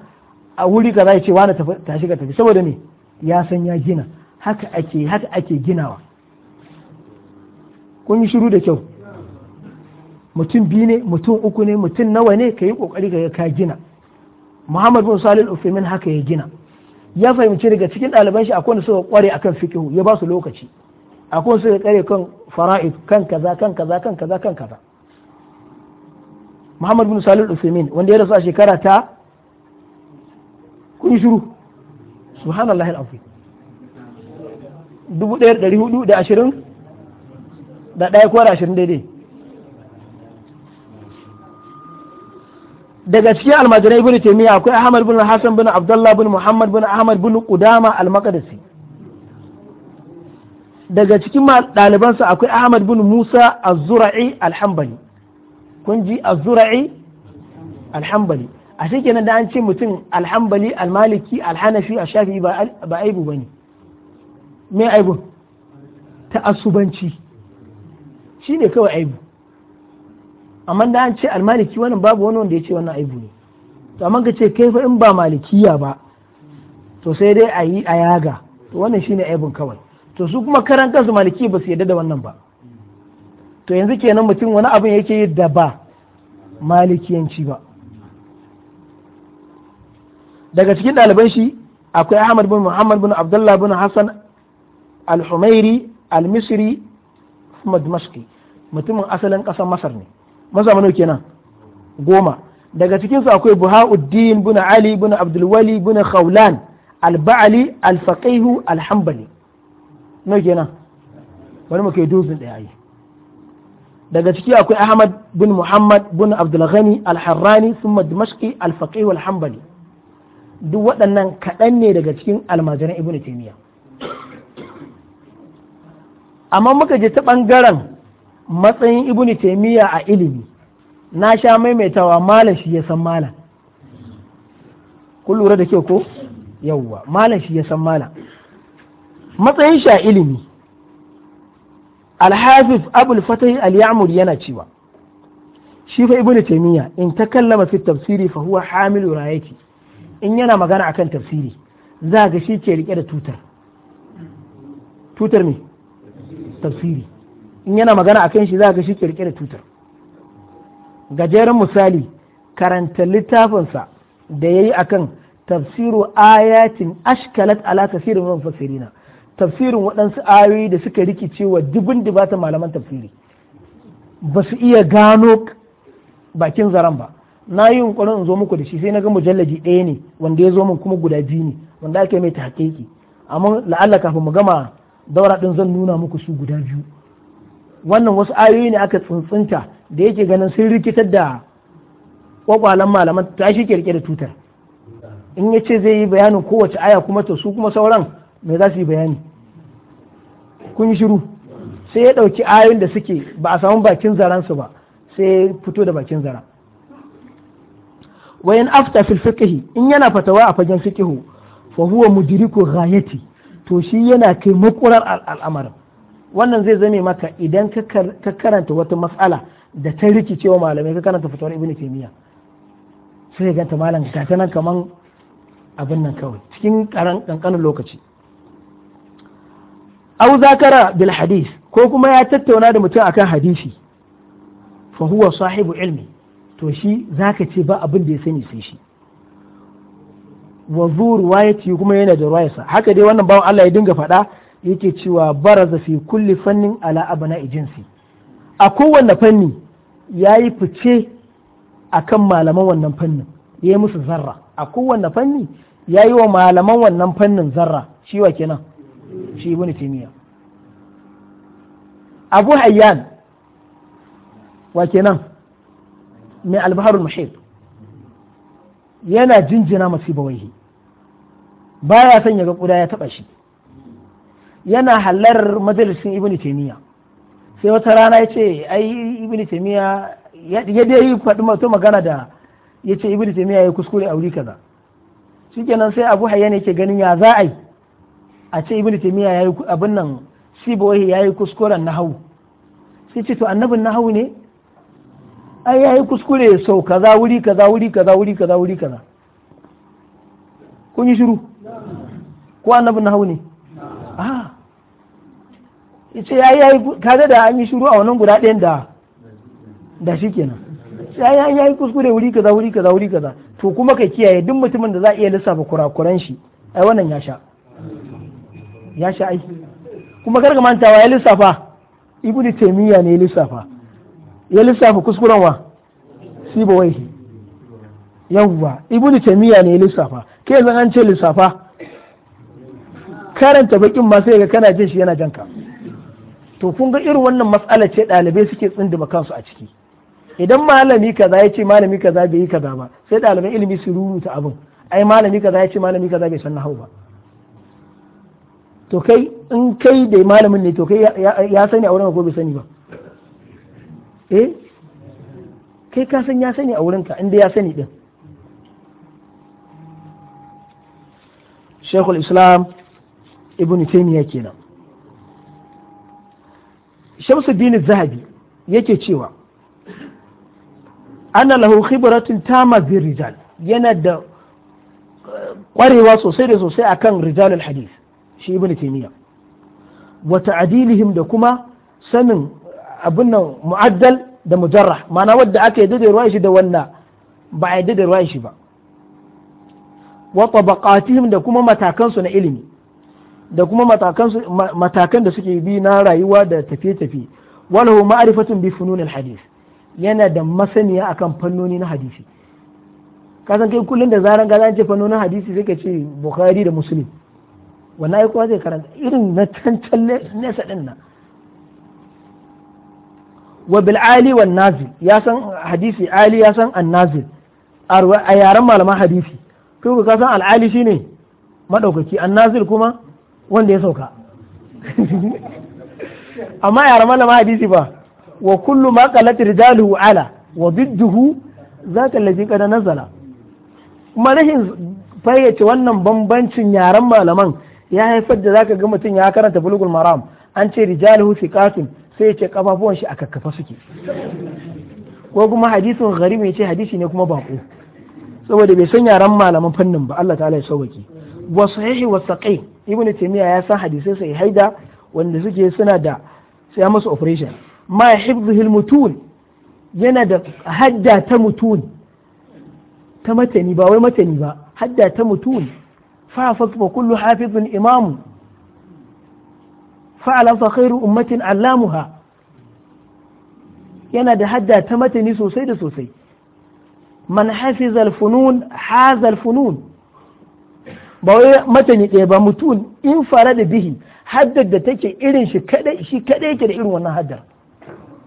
a wuri za ya ce wani tashi ka tafi saboda me ya san ya gina haka ake haka ake ginawa kun yi shiru da kyau mutum biyu ne mutum uku ne mutum nawa ne ka yi kokari ka ka gina muhammad bin salih al haka ya gina ya fahimci daga cikin ɗaliban shi akwai suka kware akan fikihu ya ba su lokaci akwai suka kware kan fara'id kan kaza kan kaza kan kaza kan kaza Muhammad bin Salih al wanda ya rasu a shekara ta kun shiru subhanallahi al-azim 1420 da ɗaya ko da ashirin daidai daga cikin almajirai ibn taymiya akwai ahmad bin hasan bin abdullah bin muhammad bin ahmad bin qudama al-maqdisi daga cikin dalibansa akwai ahmad bin musa az-zura'i al-hanbali kun ji az-zura'i al-hanbali a kenan da an ce mutum al-hanbali al-maliki al-hanafi al ba aibu bane me aibu ta asubanci shine kawai aibu amma da an ce almaliki wannan babu wani wanda ya ce wannan aibu ne to amma ka ce kai fa in ba malikiya ba to sai dai a yi a yaga to wannan shine aibun kawai to su kuma karan kansu maliki ba su yadda da wannan ba to yanzu kenan mutum wani abin yake yi da ba malikiyanci ba daga cikin ɗaliban shi akwai Ahmad bin Muhammad bin Abdullah bin Hassan al-Humairi al-Misri mutumin asalin ƙasar Masar ne maza samu kenan goma daga cikinsu akwai buha'uddin buna ali buna abdulwali buna khawlan alba'ali alfaqihu alhambali nau kenan bari mu kai dozin ɗaya yi daga ciki akwai ahmad bin muhammad bin abdulghani alharrani summa dimashqi wal alhambali duk waɗannan kaɗan ne daga cikin almajiran ibnu taymiya amma muka je ta ɓangaren matsayin ibnu taimiyya a ilimi na sha maimaitawa malam shi ya san malam kun lura da kyau ko yawwa malam shi ya san malam matsayin shi a ilimi alhafiz abul fatahi al-ya'mur yana cewa shi fa ibnu taimiyya in ta kallama fi tafsiri fa huwa hamilu rayati in yana magana akan tafsiri za ga shi ke rike da tutar tutar me tafsiri in yana magana kan shi za ga shi kirke da tutar gajeren misali karanta littafinsa da ya yi akan tafsiru ayatin ashkalat ala tafsirin na tafsirin waɗansu ayoyi da suka rikice wa dubin dubata malaman tafsiri ba su iya gano bakin zaren ba na yi yunkurin in zo muku da shi sai na ga mujallaji ɗaya ne wanda ya zo min kuma guda biyu ne wanda ake mai ta amma la'alla kafin mu gama daura ɗin zan nuna muku su guda biyu wannan wasu ayoyi ne aka tsuntsunta da yake ganin sun rikitar da kwakwalen malaman ta shi rike da tutar in ya ce zai yi bayanin kowace aya kuma to su kuma sauran mai za su yi bayani kun yi shiru sai ya ɗauki ayoyin da suke ba a samu bakin zaransu ba sai ya fito da bakin zara wayan afta fil in yana fatawa a fagen fiqhu fa huwa mudriku ghayati to shi yana kai makurar al'amarin wannan zai zame maka idan ka karanta wata matsala da ta rikicewa malamai ka karanta fatawar ibnu taymiya sai ga ganta malam ga ta nan kaman abin nan kawai cikin kankanin lokaci au zakara bil hadith ko kuma ya tattauna da mutum akan hadisi fa huwa sahibu ilmi to shi zaka ce ba abin da ya sani sai shi wa zuru ci kuma yana da ruwayarsa haka dai wannan bawan Allah ya dinga faɗa yake cewa baraza fi kulli fannin ala abana ijinsi a kowanne fanni ya yi fice a kan malaman wannan fannin ya yi musu zarra a kowanne fanni ya yi wa malaman wannan fannin zarra shi wa kenan shi ibn taymiya abu hayyan wa kenan mai albaharul muhit yana jinjina bawai baya son ya ga kuda ya taba shi yana halar majalisin ibn taymiya sai wata rana ya ce ai ibn taymiya ya dai yi faɗi magana da ya ce ibn taymiya ya kuskure a wuri kaza shikenan sai abu hayyana yake ganin ya za a yi a ce ibn taymiya ya yi abin nan shi ya yi kuskuren nahawu sai ce to annabin nahawu ne ai ya yi kuskure sau kaza wuri kaza wuri kaza wuri kaza wuri kaza kun yi shiru ko annabin nahawu ne yace yayi yi kada da an yi shiru a wannan guda ɗayan da da kenan sai ya yayi kuskure wuri kaza wuri kaza wuri kaza to kuma ka kiyaye duk mutumin da za a iya lissafa kurakuran shi ai wannan ya sha ya sha ai kuma kar ka mantawa ya lissafa da taymiya ne ya lissafa ya lissafa kuskuren wa sibawaihi yawwa ibnu taymiya ne ya lissafa ke yanzu an ce lissafa karanta bakin ma sai ga kana jin shi yana janka to kun ga irin wannan matsala ce ɗalibai suke tsindima kansu a ciki idan malami kaza ya ce malami kaza bai yi kaza ba sai ɗalibai ilimi su ruruta abin ai malami kaza ya ce malami kaza bai san nahawu ba to kai in kai da malamin ne to kai ya sani a wurin ko bai sani ba eh kai ka san ya sani a wurinka inda ya sani din Sheikhul Islam Ibn Taymiyyah kenan shamsuddin zahabi yake cewa ana lahu khibratun tama bi rijal yana da kwarewa uh, sosai da sosai akan rijal al hadith shi ibnu taymiya wa ta'dilihim da kuma sanin abin nan mu'addal da mujarrah ma'ana wadda aka yadda da ruwan shi da wannan ba a yadda da ruwan shi ba wa tabaqatihim da kuma matakansu na ilimi da kuma matakan da suke bi na rayuwa da tafiye-tafiye walahu ma'arifatun bi fununil hadith yana da masaniya akan fannoni na hadisi kasan kai kullun da zaran ga ce fannonin hadisi sai ka ce bukhari da muslim wannan ai kuma zai karanta irin na cancan nesa din nan wa bil ali wan nazil ya san hadisi ali ya san an nazil a yaren malaman hadisi kai ka san al ali shine madaukaki an nazil kuma wanda ya sauka amma ya ramana ma hadisi ba wa kullu ma qalat rijaluhu ala wa bidduhu zaka allazi kada nazala kuma fayyace wannan bambancin yaren malaman ya haifar da zaka ga mutum ya karanta bulugul maram an ce rijaluhu thiqatun sai ya ce kafafuwan shi a kakkafa suke ko kuma hadisin gari ya ce hadisi ne kuma bako saboda bai san yaren malaman fannin ba Allah ta'ala ya sauwake wa sahihi wa saqi ibn taymiya ya san hadisai sai haida wanda suke suna da sai musu operation ma hifdhil mutun yana da hadda ta mutun ta matani ba wai matani ba hadda ta mutun fa fa kullu hafizun imam fa'ala fa khairu ummatin allamuha yana da hadda ta matani sosai da sosai man hafiza al-funun haza al-funun ba wai matani ɗaya ba mutum in fara da bihi haddar da take irin shi kadai shi kaɗai yake da irin wannan haddar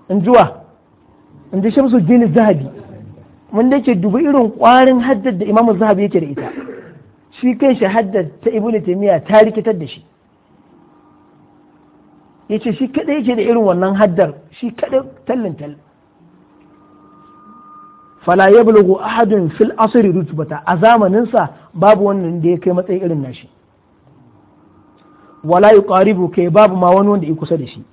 in zuwa in ji shamsu dini zahabi wanda yake dubi irin kwarin haddar da imamu zahabi yake da ita shi kai shi haddar ta ibnu taymiya ta rikitar da shi yace shi kadai yake da irin wannan haddar shi kadai tallin tallin fala ya bulugu ahadun fil asiri rutubata a zamaninsa babu wannan da ya kai matsayi irin nashi wala yuqaribu kai babu ma wani wanda ya kusa da shi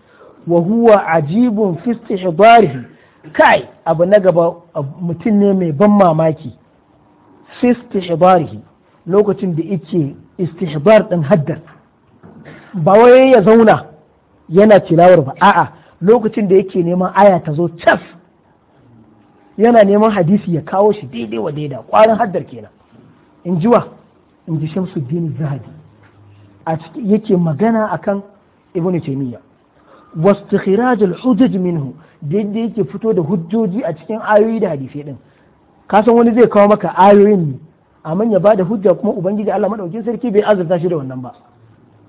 wa huwa ajibun fi istihdarihi kai abu na gaba mutum ne mai ban mamaki fisti istihdarihi lokacin da yake istihbar din haddar ba wai ya zauna yana tilawar ba a'a lokacin da yake neman aya ta zo cas yana neman hadisi ya kawo shi daidai wa daidai kwarin haddar kenan in ji wa in ji shamsuddin zahabi a cikin yake magana akan ibnu taymiya wastikhiraj al-hujaj minhu daidai yake fito da hujjoji a cikin ayoyi da hadisi din ka san wani zai kawo maka ayoyin ne amma ya bada hujja kuma ubangiji Allah madaukin sarki bai azurta shi da wannan ba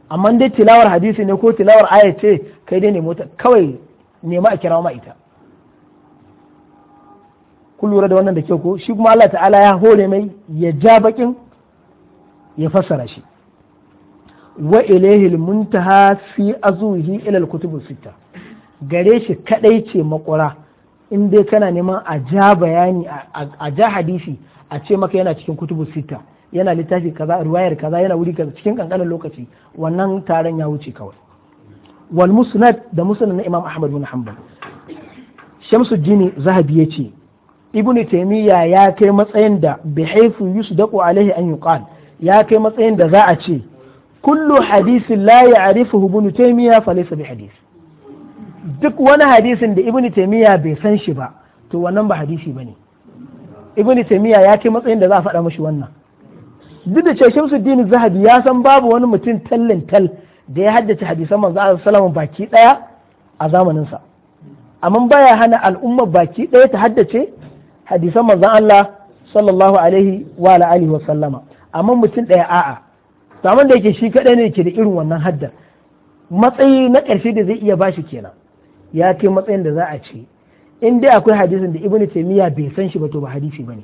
amma dai tilawar hadisi ne ko tilawar aya ce kai dai ne mota kawai nema a kirawo ma ita kun lura da wannan da kyau ko shi kuma Allah ta'ala ya hore mai ya ja bakin ya fassara shi wa ilaihil muntaha fi azuhi ila al-kutub sita gare shi kadai ce makura in dai kana neman a ja bayani a ja hadisi a ce maka yana cikin kutubu sita yana littafi kaza ruwayar kaza yana wuri kaza cikin kankanin lokaci wannan taron ya wuce kawai wal musnad da musnad na imam ahmad bin hanbal shamsuddin zahabi yace ibn taymiya ya kai matsayin da bi haifu yusdaqu alaihi an yuqal ya kai matsayin da za a ce kullu hadisin la ya'rifuhu ibn taymiya fa bi hadis duk wani hadisin da ibn taymiya bai san shi ba to wannan ba hadisi bane ibn taymiya ya kai matsayin da za a faɗa mashi wannan duk da cewa Shamsuddin Zahabi ya san babu wani mutum tallin tal da ya haddace hadisan manzo Allah sallallahu baki ɗaya a zamaninsa amma baya hana al'umma baki ɗaya ta haddace hadisan manzon Allah sallallahu alaihi wa alihi wa sallama amma mutum ɗaya a'a saman da yake shi kaɗai ne yake da irin wannan haddar matsayi na ƙarshe da zai iya bashi kenan ya kai matsayin da za a ce in dai akwai hadisin da ibnu taymiya bai san shi ba to ba hadisi bane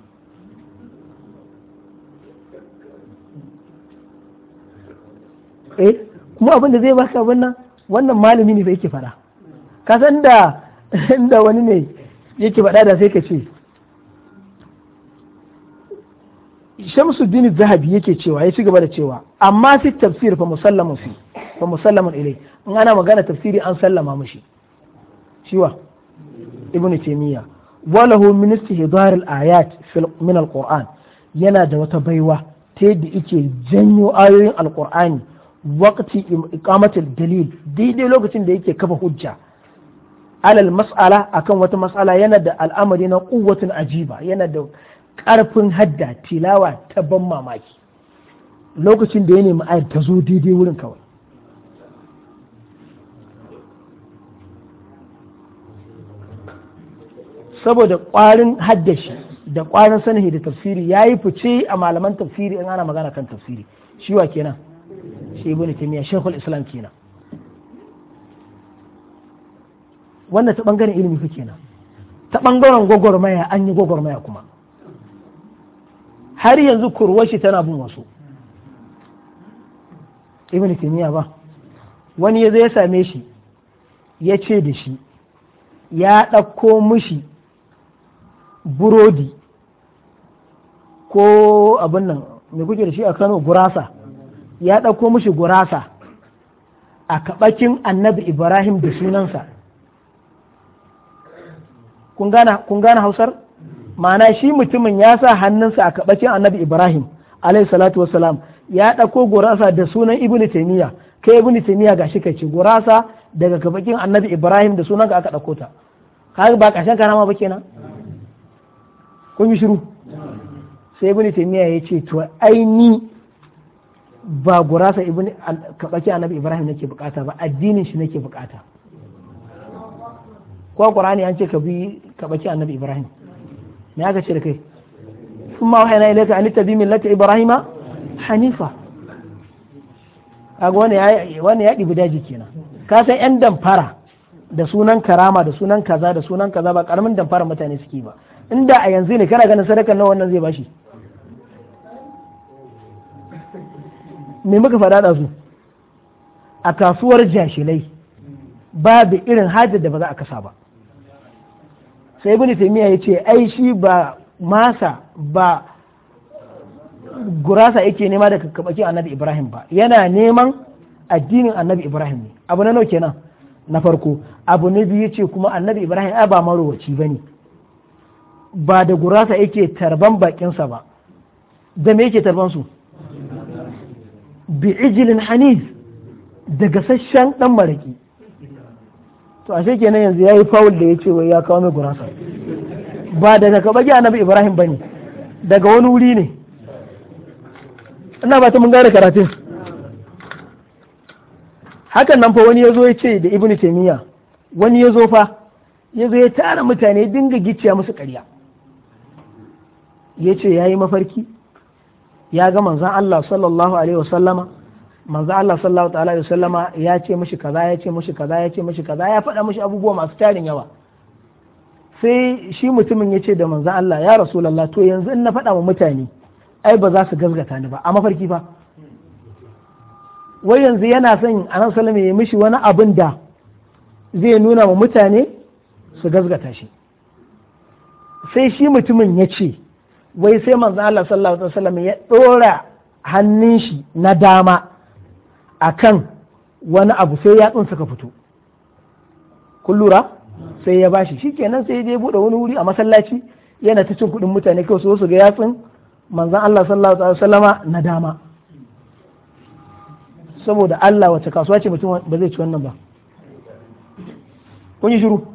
eh kuma abin da zai baka wannan wannan malami ne sai yake fada ka san da inda wani ne yake faɗa da sai ka ce Shamsuddin Zahabi yake cewa ya ci gaba da cewa amma fi tafsir fa musallamu fi fa musallamun ilai in ana magana tafsiri an sallama mushi shiwa ibn taymiya wa lahu min istihdar al ayat min al qur'an yana da wata baiwa ta yadda yake janyo ayoyin al qur'ani waqti iqamatil dalil daidai lokacin da yake kafa hujja alal mas'ala akan wata mas'ala yana da al'amari na quwwatin ajiba yana da ƙarfin hadda tilawa ta ban mamaki lokacin da ya nemi ayar ta zo daidai wurin kawai saboda ƙwarin haddashi da ƙwarin sanahi da tafsiri ya yi fice a malaman tafsiri in ana magana kan tafsiri shi wa kenan shi ibn taymiya shaykhul islam kenan wannan ta ɓangaren ilimi fi kenan ta ɓangaren gwagwarmaya an yi gwagwarmaya kuma har yanzu kurwashi shi tana bin wasu ibn taymiya ba wani ya ya same shi ya ce da shi ya ɗauko mushi burodi ko abin nan me kuke da shi a kano gurasa ya ɗauko mushi gurasa a kaɓakin annabi ibrahim da sunansa kun gana hausar ma'ana shi mutumin ya sa hannunsa a kabacin annabi ibrahim alayhi salatu wasalam ya ɗauko gurasa da sunan ibn taymiya kai ibn taymiya ga shi kace gurasa daga kabakin annabi ibrahim da sunan ka aka ɗauko ta kaga ba ƙarshen karama ba kenan kun yi shiru sai ibn taymiya ya ce to ai ni ba gurasa ibn kabakin annabi ibrahim nake bukata ba addinin shi nake bukata ko qur'ani an ce ka bi kabaki annabi ibrahim me aka ce da kai sun ma wahayana ilaika an tabi lati ibrahima hanifa kaga wani ya ɗibi daji kenan ka san yan damfara da sunan karama da sunan kaza da sunan kaza ba karamin damfara mutane suke ba inda a yanzu ne kana ganin sadaka nawa wannan zai bashi me muka faɗa da su a kasuwar jashilai babu irin hajjar da ba za a kasa ba sai ibn taymiya ya ce ai shi ba masa ba gurasa yake nema daga kabakin annabi ibrahim ba yana neman addinin annabi ibrahim ne abu na nauke nan na farko abu na biyu ce kuma annabi ibrahim ai ba marowaci ba ne ba da gurasa yake tarban bakinsa ba da me yake tarban su bi ijilin hanif da gasasshen dan maraki to ashe kenan yanzu yayi faul da yace wai ya kawo mai gurasa ba daga kabagi annabi Ibrahim bane daga wani wuri ne ina ba ta mun gane karatun hakan nan fa wani yazo ya ce da Ibn taymiya wani yazo fa yazo ya tara mutane dinga gicciya musu ƙarya yace yayi mafarki ya ga manzon Allah sallallahu alaihi wasallama manzo Allah sallallahu ta'ala alaihi sallama ya ce mishi kaza ya ce mishi kaza ya ce mishi kaza ya faɗa mishi abubuwa masu tarin yawa sai shi mutumin ya ce da manzo Allah ya rasulullah to yanzu in na faɗa wa mutane ai ba za su gazgata ni ba a mafarki fa wai yanzu yana son annabi sallallahu ya mishi wani abin da zai nuna wa mutane su gazgata shi sai shi mutumin ya ce wai sai manzo Allah sallallahu alaihi wasallam ya dora hannun shi na dama akan wani abu sai yatsun suka fito kun lura sai ya bashi shikenan sai je bude wani wuri a masallaci yana ta cin kuɗin mutane kawai su su ga yatsun manzan Allah sallallahu alaihi wasallama na dama saboda Allah wace kasuwa ce mutum ba zai ci wannan ba kun yi shiru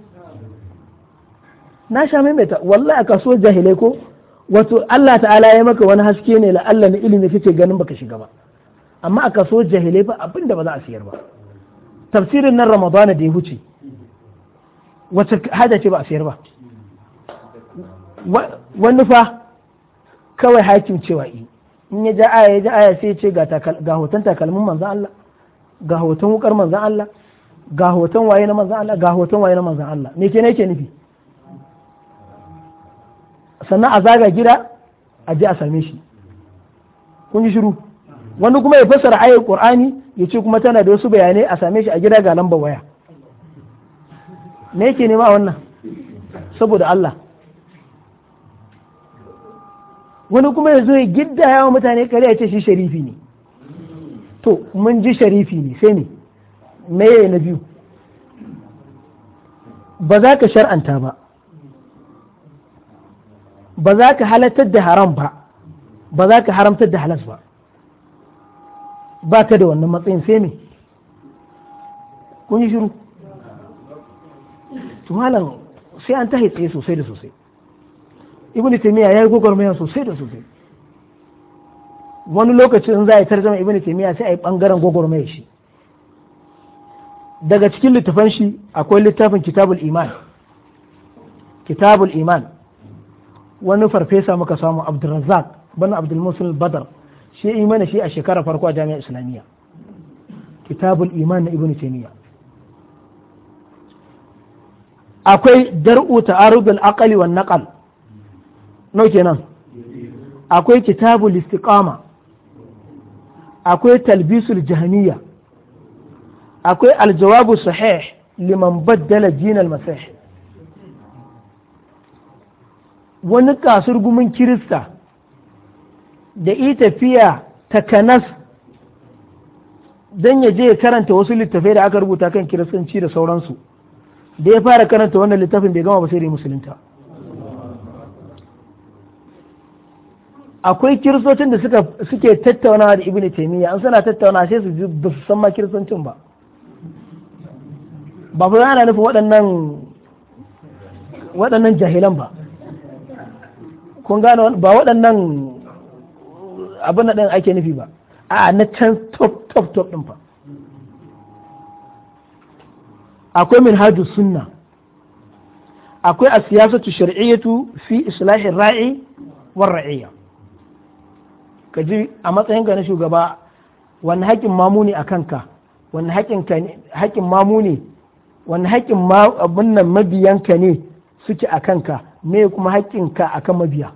na sha maimaita wallahi a kasuwar jahilai ko wato Allah ta'ala ya maka wani haske ne la Allah na ilimi kake ganin baka shiga ba amma a kaso jahilai ba abin da ba za a siyar ba tafsirin nan ramadana da ya huce wacce haja ce ba a siyar ba wani fa kawai hakim cewa yi in ya ja aya ya ja aya sai ce ga hoton takalmin manzan Allah ga hoton wukar manzan Allah ga hoton waye na manzan Allah ga hoton waye na manzan Allah me ke ne ke nufi sannan a zaga gida a je a same shi kun ji shiru wani kuma ya fassara ayar qur'ani ya ce kuma tana da wasu bayanai a same shi a gida ga lamba waya me yake nema wannan saboda Allah wani kuma ya zo ya gidda yawa mutane kare ya ce shi sharifi ne to mun ji sharifi ne sai ne me na biyu ba za ka shar'anta ba ba za ka halartar da haram ba ba za ka haramtar da halas ba ba ta da wannan matsayin sai me kun yi shiru malam sai an tahi tsaye sosai da sosai ibn taymiya yayi gwagwarmaya sosai da sosai wani lokacin za a yi tarjama ibn taymiya sai a yi bangaren gwagwarmaya shi daga cikin littafan shi akwai littafin kitabul iman kitabul iman wani farfesa muka samu abdulrazzaq bana abdulmusul badar shi yi mana shi a shekara farko a jami'ar islamiyya kitabul iman na ibn taymiya akwai dar'u ta'arudul aqli wan naqal no kenan akwai kitabul istiqama akwai talbisul jahmiya akwai aljawabu sahih liman baddala dinal masih wani kasurgumin kirista da yi tafiya ta kanas don ya je ya karanta wasu littafai da aka rubuta kan kiristanci da sauransu da ya fara karanta wannan littafin bai gama ba sai da musulunta akwai kiristocin da suke tattaunawa da ibn taimiyya an suna tattauna sai su ji ba su san ma kiristancin ba ba fa ana nufin waɗannan waɗannan jahilan ba kun gane ba waɗannan abin da ɗin ake nufi ba a na can top top top ɗin fa akwai minhajus sunna akwai a siyasatu shari'iyyatu fi islahi ra'i war ra'iyya ka ji a matsayin ka na shugaba wani haƙƙin mamu ne a kanka wani haƙƙin mamu ne wani haƙin mabiyanka ne suke a kanka me kuma haƙinka a kan mabiya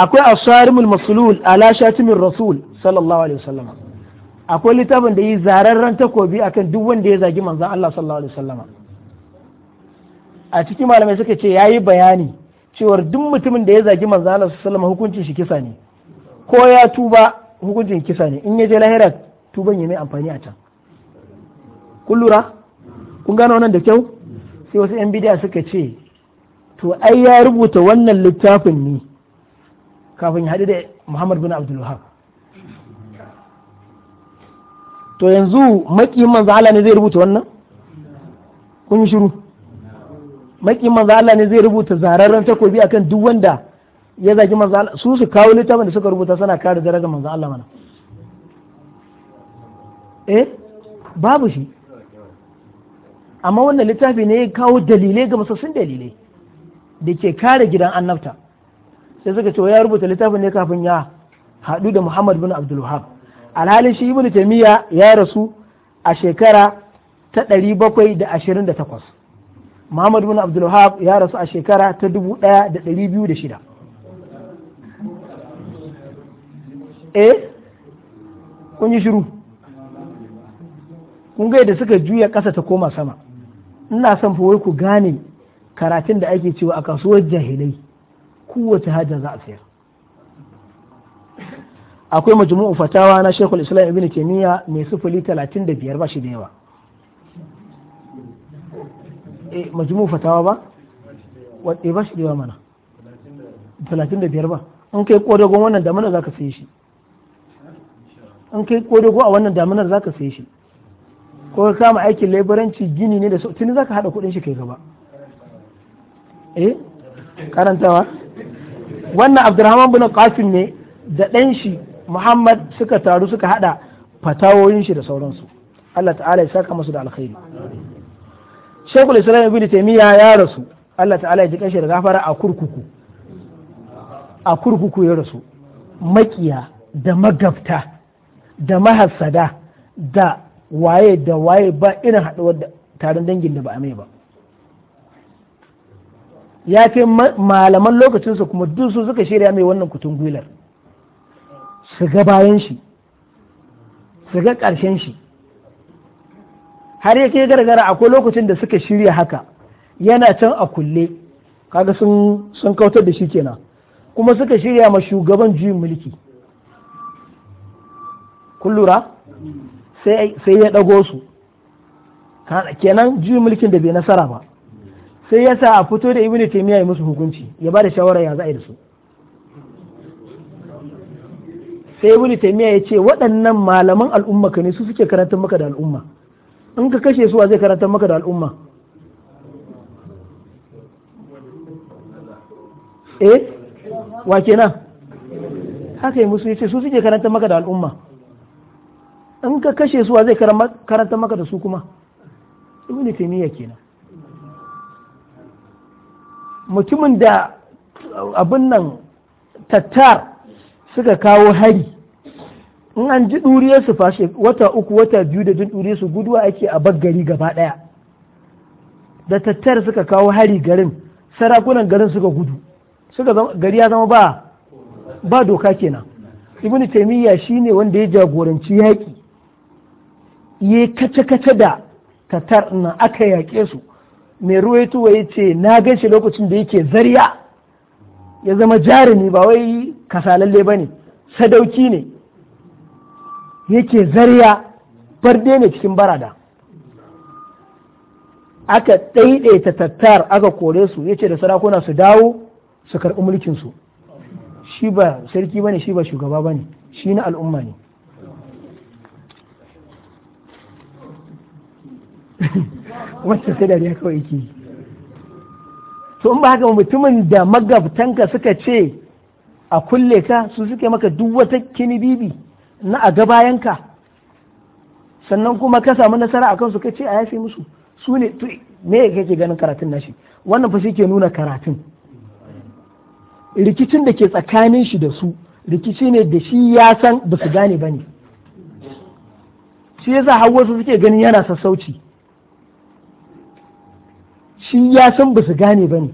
akwai asarimul masulul ala shatimin rasul sallallahu alaihi wasallam akwai littafin da yi zararren takobi akan duk wanda ya zagi manzon Allah sallallahu alaihi wasallam a cikin malamai suka ce yayi bayani cewa duk mutumin da ya zagi manzon Allah sallallahu alaihi hukuncin shi kisa ne ko ya tuba hukuncin kisa ne in ya je lahira tuban ya mai amfani a can kun lura kun gano nan da kyau sai wasu yan bidiya suka ce to ai ya rubuta wannan littafin ne kafin ya haɗu da muhammad bin abdul wahab to yanzu maki manzo Allah ne zai rubuta wannan kun yi shiru maki manzo Allah ne zai rubuta zararren takobi akan duk wanda ya zaki manzo Allah su su kawo littafin da suka rubuta suna kare daraja manzo Allah mana eh babu shi amma wannan littafi ne ya kawo dalilai ga masassun dalilai da ke kare gidan annabta sai suka ce ya rubuta littafin ne kafin ya haɗu da Muhammad bin Abdul Wahab alhalin shi Ibn Taymiyyah ya rasu a shekara ta 728 Muhammad bin Abdul Wahab ya rasu a shekara ta 1206 eh kun yi shiru kun ga yadda suka juya ƙasa ta koma sama ina son fa wai ku gane karatun da ake cewa a kasuwar jahilai kowace haja za a sayar akwai majmu'u fatawa na shekul islam ibn taimiyya mai sufuli talatin da biyar ba shi da yawa eh majmu'u fatawa ba wadda eh, ba shi da yawa mana talatin da biyar ba in kai kodago wannan damanar za ka saye shi in kai kodago a wannan damanar za ka saye shi ko ka kama aikin laboranci gini ne da tuni za ka haɗa kuɗin shi kai gaba eh karantawa wannan abdurrahman bin qasim ne da ɗan shi muhammad suka taru suka hada fatawoyin shi da sauransu Allah ta'ala ya saka musu da alkhairi shekul islam ibn taymiya ya rasu Allah ta'ala ya ji kashi da gafara a kurkuku a kurkuku ya rasu makiya da magabta da mahassada da waye da waye ba irin haɗuwar taron dangin da ba a mai ba ya fi malaman lokacinsa kuma duk su suka shirya mai wannan kutun gwilar su ga bayan shi su ga ƙarshen shi har yake gargara akwai lokacin da suka shirya haka yana can a kulle kaga sun sun kautar da shi kenan kuma suka shirya ma shugaban juyin mulki kun sai ya ɗago su kenan juyin mulkin da bai nasara ba sai yasa a fito da ibnu taymiya ya musu hukunci ya ba da shawara ya za a da su sai ibnu taymiya ya ce waɗannan malaman al'umma ka ne su suke karantar maka da al'umma in ka kashe su zai karantar maka da al'umma eh wa kenan haka yi musu ya ce su suke karantar maka da al'umma in ka kashe su zai karantar maka da su kuma ibnu taymiya kenan mutumin da abin nan tattar suka kawo hari in an ji ɗuriyarsu fashe wata uku wata biyu da jin ɗuriyarsu guduwa ake a gari gaba ɗaya da tattar suka kawo hari garin sarakunan garin suka gudu suka gari ya zama ba ba doka kenan ibini taimiyya ne wanda ya jagoranci yaƙi ya kace-kace da tattar na aka yaƙe su mai ruwaituwa ya ce na gan shi lokacin da yake zariya ya zama jarumi ba wai kasalalle ba ne sadauki ne yake zariya farde ne cikin barada aka ɗaiɗaita tattar aka kore su ya ce da sarakuna su dawo su karɓi mulkinsu shi ba sarki ba ne shi ba shugaba ba ne shi na al'umma ne wacce sai dariya kawai yake yi to in ba haka mutumin da magabtanka suka ce a kulle ka su suke maka duk wata kini bibi na a gabayanka sannan kuma ka samu nasara a kansu ka ce a yafe musu su ne me kake ganin karatun nashi wannan fa shi ke nuna karatun rikicin da ke tsakanin shi da su rikici ne da shi ya san ba su gane ba ne shi yasa hawa su suke ganin yana sassauci shi ya san ba su gane ba ne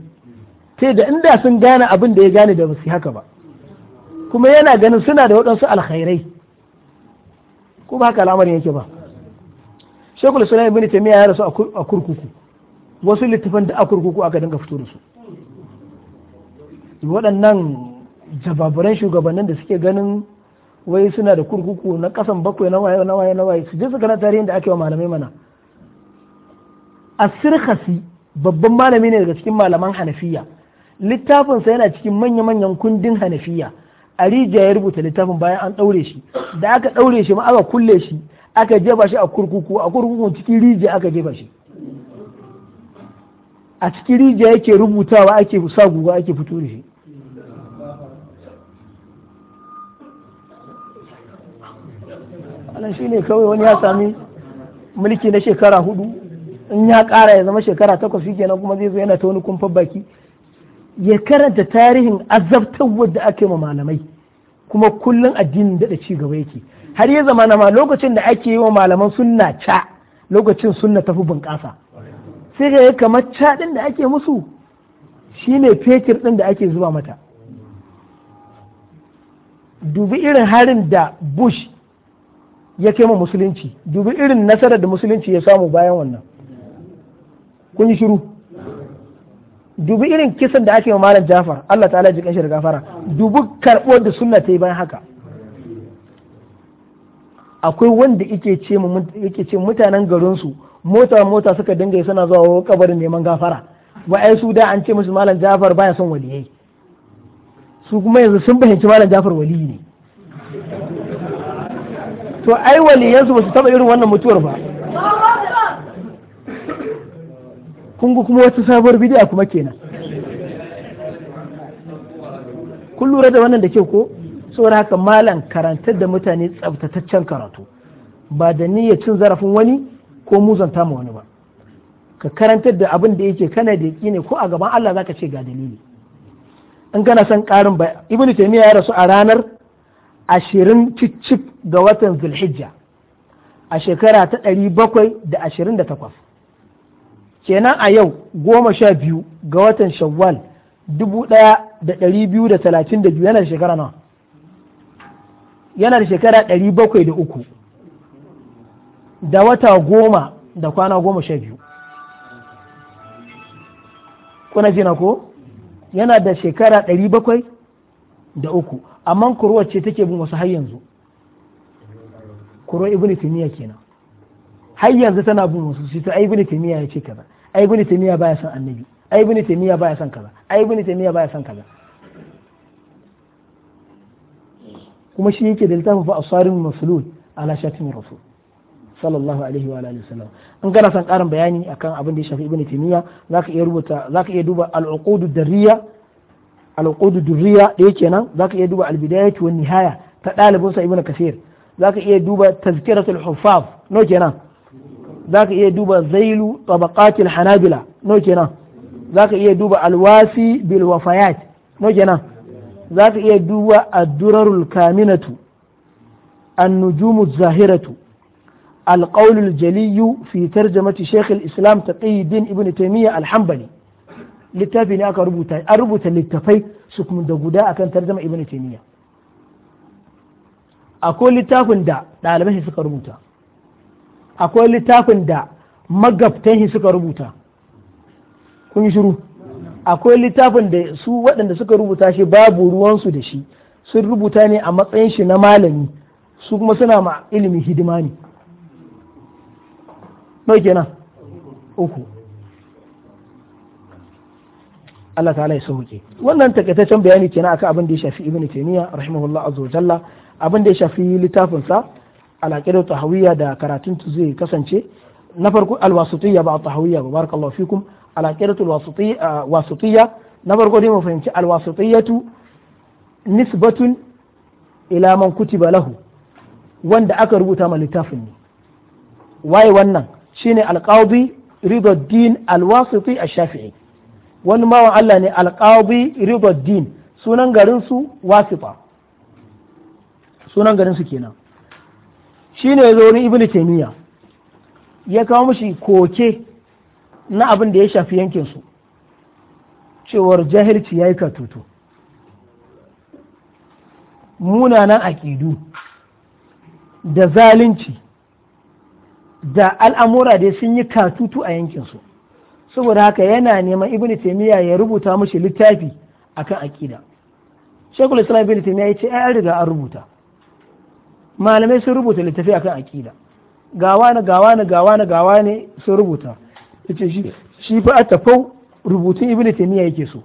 sai da inda sun gane abin da ya gane da ba su haka ba kuma yana ganin suna da waɗansu alkhairai ko ba haka al'amarin yake ba shekul sulaiman ibn taymiya ya rasu a kurkuku wasu littafan da a kurkuku aka dinga fito da su waɗannan jababuran shugabannin da suke ganin wai suna da kurkuku na kasan bakwai na waye na waye na waye su je su gana tarihin da ake wa malamai mana asirkasi babban malami ne daga cikin malaman hanafiya littafinsa yana cikin manya-manyan kundin hanafiya a rijiya ya rubuta littafin bayan an ɗaure shi da aka ɗaure shi ma aka kulle shi aka jefa shi a kurkuku a kurkukun cikin rijiya aka jefa shi a cikin rijiya yake rubutawa ake sa guga ake fito da shi wannan shi ne kawai wani ya sami mulki na shekara hudu in ya kara ya zama shekara takwas shi kenan kuma zai zo yana ta wani kumfa baki ya karanta tarihin azabtarwar da ake ma malamai kuma kullum addinin daɗa ci gaba yake har ya zama ma lokacin da ake yi wa malaman sunna ca lokacin sunna tafi bunƙasa sai ga kamar ca ɗin da ake musu shine fetir ɗin da ake zuba mata dubi irin harin da bush ya kai ma musulunci dubi irin nasarar da musulunci ya samu bayan wannan kun yi shiru dubi irin kisan da ake wa malam Jafar Allah ta'ala jikan shi da gafara dubi karbuwar da sunna ta yi bayan haka akwai wanda yake ce mutanen garinsu mota mota suka dinga suna zuwa kabarin neman gafara wa ai su da an ce musu malam Jafar baya son waliyai su kuma yanzu sun fahimci malam Jafar waliyi ne to ai waliyansu ba su taba irin wannan mutuwar ba kun ga kuma wata sabuwar bid'a kuma kenan kun lura da wannan da kyau ko saboda haka malam karantar da mutane tsabtataccen karatu ba da niyya cin zarafin wani ko muzanta ma wani ba ka karantar da abin da yake kana da yaki ne ko a gaban Allah za ka ce ga dalili in kana son karin ba ibnu taymiya ya rasu a ranar ashirin ciccif ga watan zulhijja a shekara ta ɗari bakwai da ashirin da takwas kenan a yau goma sha biyu ga watan shawwal dubu ɗaya da ɗari biyu da talatin da biyu yana da shekara nawa yana da shekara ɗari bakwai da uku da wata goma da kwana goma sha biyu kuna jina ko yana da shekara ɗari bakwai da uku amma kuruwar ce take bin wasu har yanzu kuruwar ibn timiya kenan har yanzu tana bin wasu sai ta ibn timiya ya ce kaza ai ibn taymiya baya son annabi ai ibn taymiya baya son kaza ai ibn taymiya baya son kaza kuma shi yake da littafin fa asarin maslul ala shatim rasul sallallahu alaihi wa alihi wasallam in kana son karin bayani akan abin da ya shafi ibn taymiya zaka iya rubuta zaka iya duba al-uqud darriya al-uqud durriya da yake nan zaka iya duba al-bidayatu wan nihaya ta dalibin sa ibn kasir zaka iya duba tazkiratul huffaz no kenan Zaka iya duba zailu tabaqatil hanabila no kenan za iya duba alwasi Bilwafayat wafayat kenan za iya duba addurarul kaminatu النجوم الزاهرة القول الجلي في ترجمة شيخ الإسلام تقي الدين ابن تيمية الحنبلي littafi aka rubuta an rubuta littafai su da guda akan tarjama ibn taymiya akwai littafin da ɗalibai suka rubuta akwai littafin da magabtan shi suka rubuta kun yi shiru akwai littafin da su waɗanda suka rubuta shi babu ruwansu da shi sun rubuta ne a matsayin shi na malami su kuma suna ma ilimin hidima ne nau kenan uku Allah ta'ala ya sauke wannan takaitaccen bayani kenan akan abin da ya shafi ibnu taymiya rahimahullah azza wa jalla abin da ya shafi littafin sa alaƙidar tahawiyya da karatun ta zai kasance na farko alwasutiyya ba tahawiyya ba Allah fikum alaƙidar wasutiyya na farko dai mu fahimci tu nisbatun ila man kutiba lahu wanda aka rubuta ma littafin ne waye wannan shine alqadi ridaddin alwasiti ash-shafi'i wani mawan Allah ne alqadi ridaddin sunan garin su wasifa sunan garin su kenan shine ya zo wani ibnu taimiyya ya kawo mishi koke na abin da ya shafi yankinsu, cewar jahilci ya yayi katutu munanan aƙidu da zalunci da al'amura da sun yi katutu a yankinsu saboda haka yana neman ibn taimiyya ya rubuta mashi littafi akan aƙida shekul islam ibn taimiyya ya ce ya riga an rubuta malamai sun rubuta littafi akan aƙida gawa na gawa na gawa na gawa ne sun rubuta yace shi shi fa a tafau rubutun ibnu taymiya yake so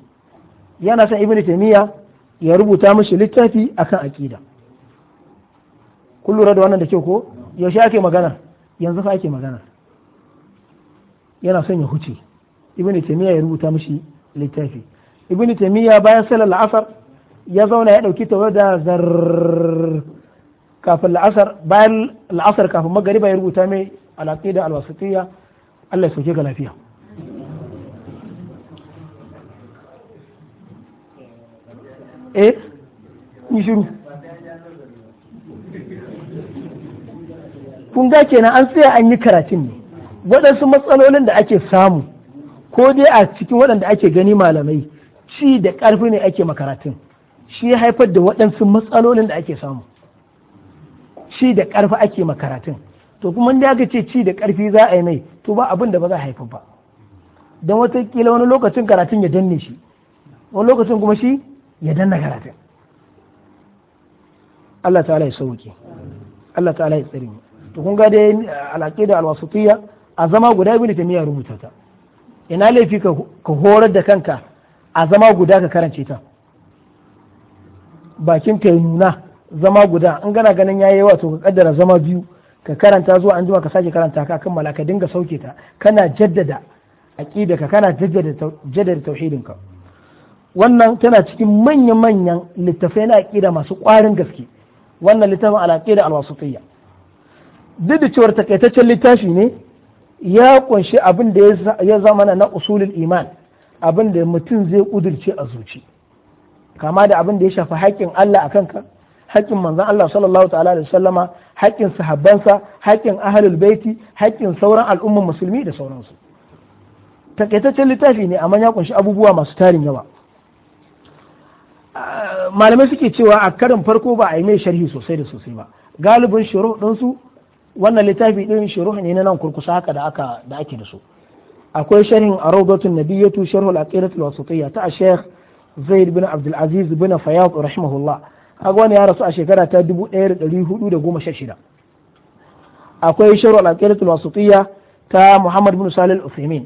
yana son ibnu taymiya ya rubuta mishi littafi akan aƙida kun lura da wannan da kyau ko yaushe ake magana yanzu fa ake magana yana son ya huce ibnu taymiya ya rubuta mishi littafi ibnu taymiya bayan sallar asar ya zauna ya dauki tawada zar kafin la'asar bayan la'asar kafin magariba ya rubuta mai alaƙi da al Allah ya sauke ga lafiya eh ni shiru kun ga kenan an tsaya an yi karatun ne waɗansu matsalolin da ake samu ko dai a cikin waɗanda ake gani malamai ci da ƙarfi ne ake makaratun shi haifar da waɗansu matsalolin da ake samu ci da ƙarfi ake makaratun to kuma da aka ce ci da ƙarfi za a yi mai to ba abin da ba za a haifa ba don watakila wani lokacin karatun ya danne shi wani lokacin kuma shi ya danna karatun Allah ta'ala ya sauke Allah ta'ala ya tsare to kun ga dai alaƙe da al a zama guda biyu ta miya rubuta ta ina laifi ka horar da kanka a zama guda ka karance ta bakin yi nuna zama guda in gana ganin ya yi wato ka kaddara zama biyu ka karanta zuwa anjima ka sake karanta ka kammala ka dinga sauke ta kana jaddada ka kana jaddada jaddada ka. wannan tana cikin manya manyan littafai na aqida masu ƙwarin gaske wannan littafin al-aqida al-wasitiyya duk da cewa takaitaccen littafi ne ya kunshi abin da ya zama na usulul iman abin da mutum zai kudurce a zuci kama da abin da ya shafi haƙƙin Allah akan ka. haƙƙin manzon Allah sallallahu ta'ala da sallama haƙƙin sahabbansa haƙƙin ahlul baiti haƙƙin sauran al'umman musulmi da sauransu takaitaccen littafi ne amma ya kunshi abubuwa masu tarin yawa malamai suke cewa a karin farko ba a yi mai sharhi sosai da sosai ba galibin shuruh ɗinsu wannan littafi ɗin shuruh ne na nan kurkusa haka da aka da ake da su akwai sharhin arawdatun nabiyatu sharhul aqidatul wasitiyya ta sheikh zaid bin abdul aziz bin fayyad rahimahullah kaga wani ya rasu a shekara ta 1416 akwai sharu al-aqidatul wasitiyya ta Muhammad bin Salih al-Uthaymeen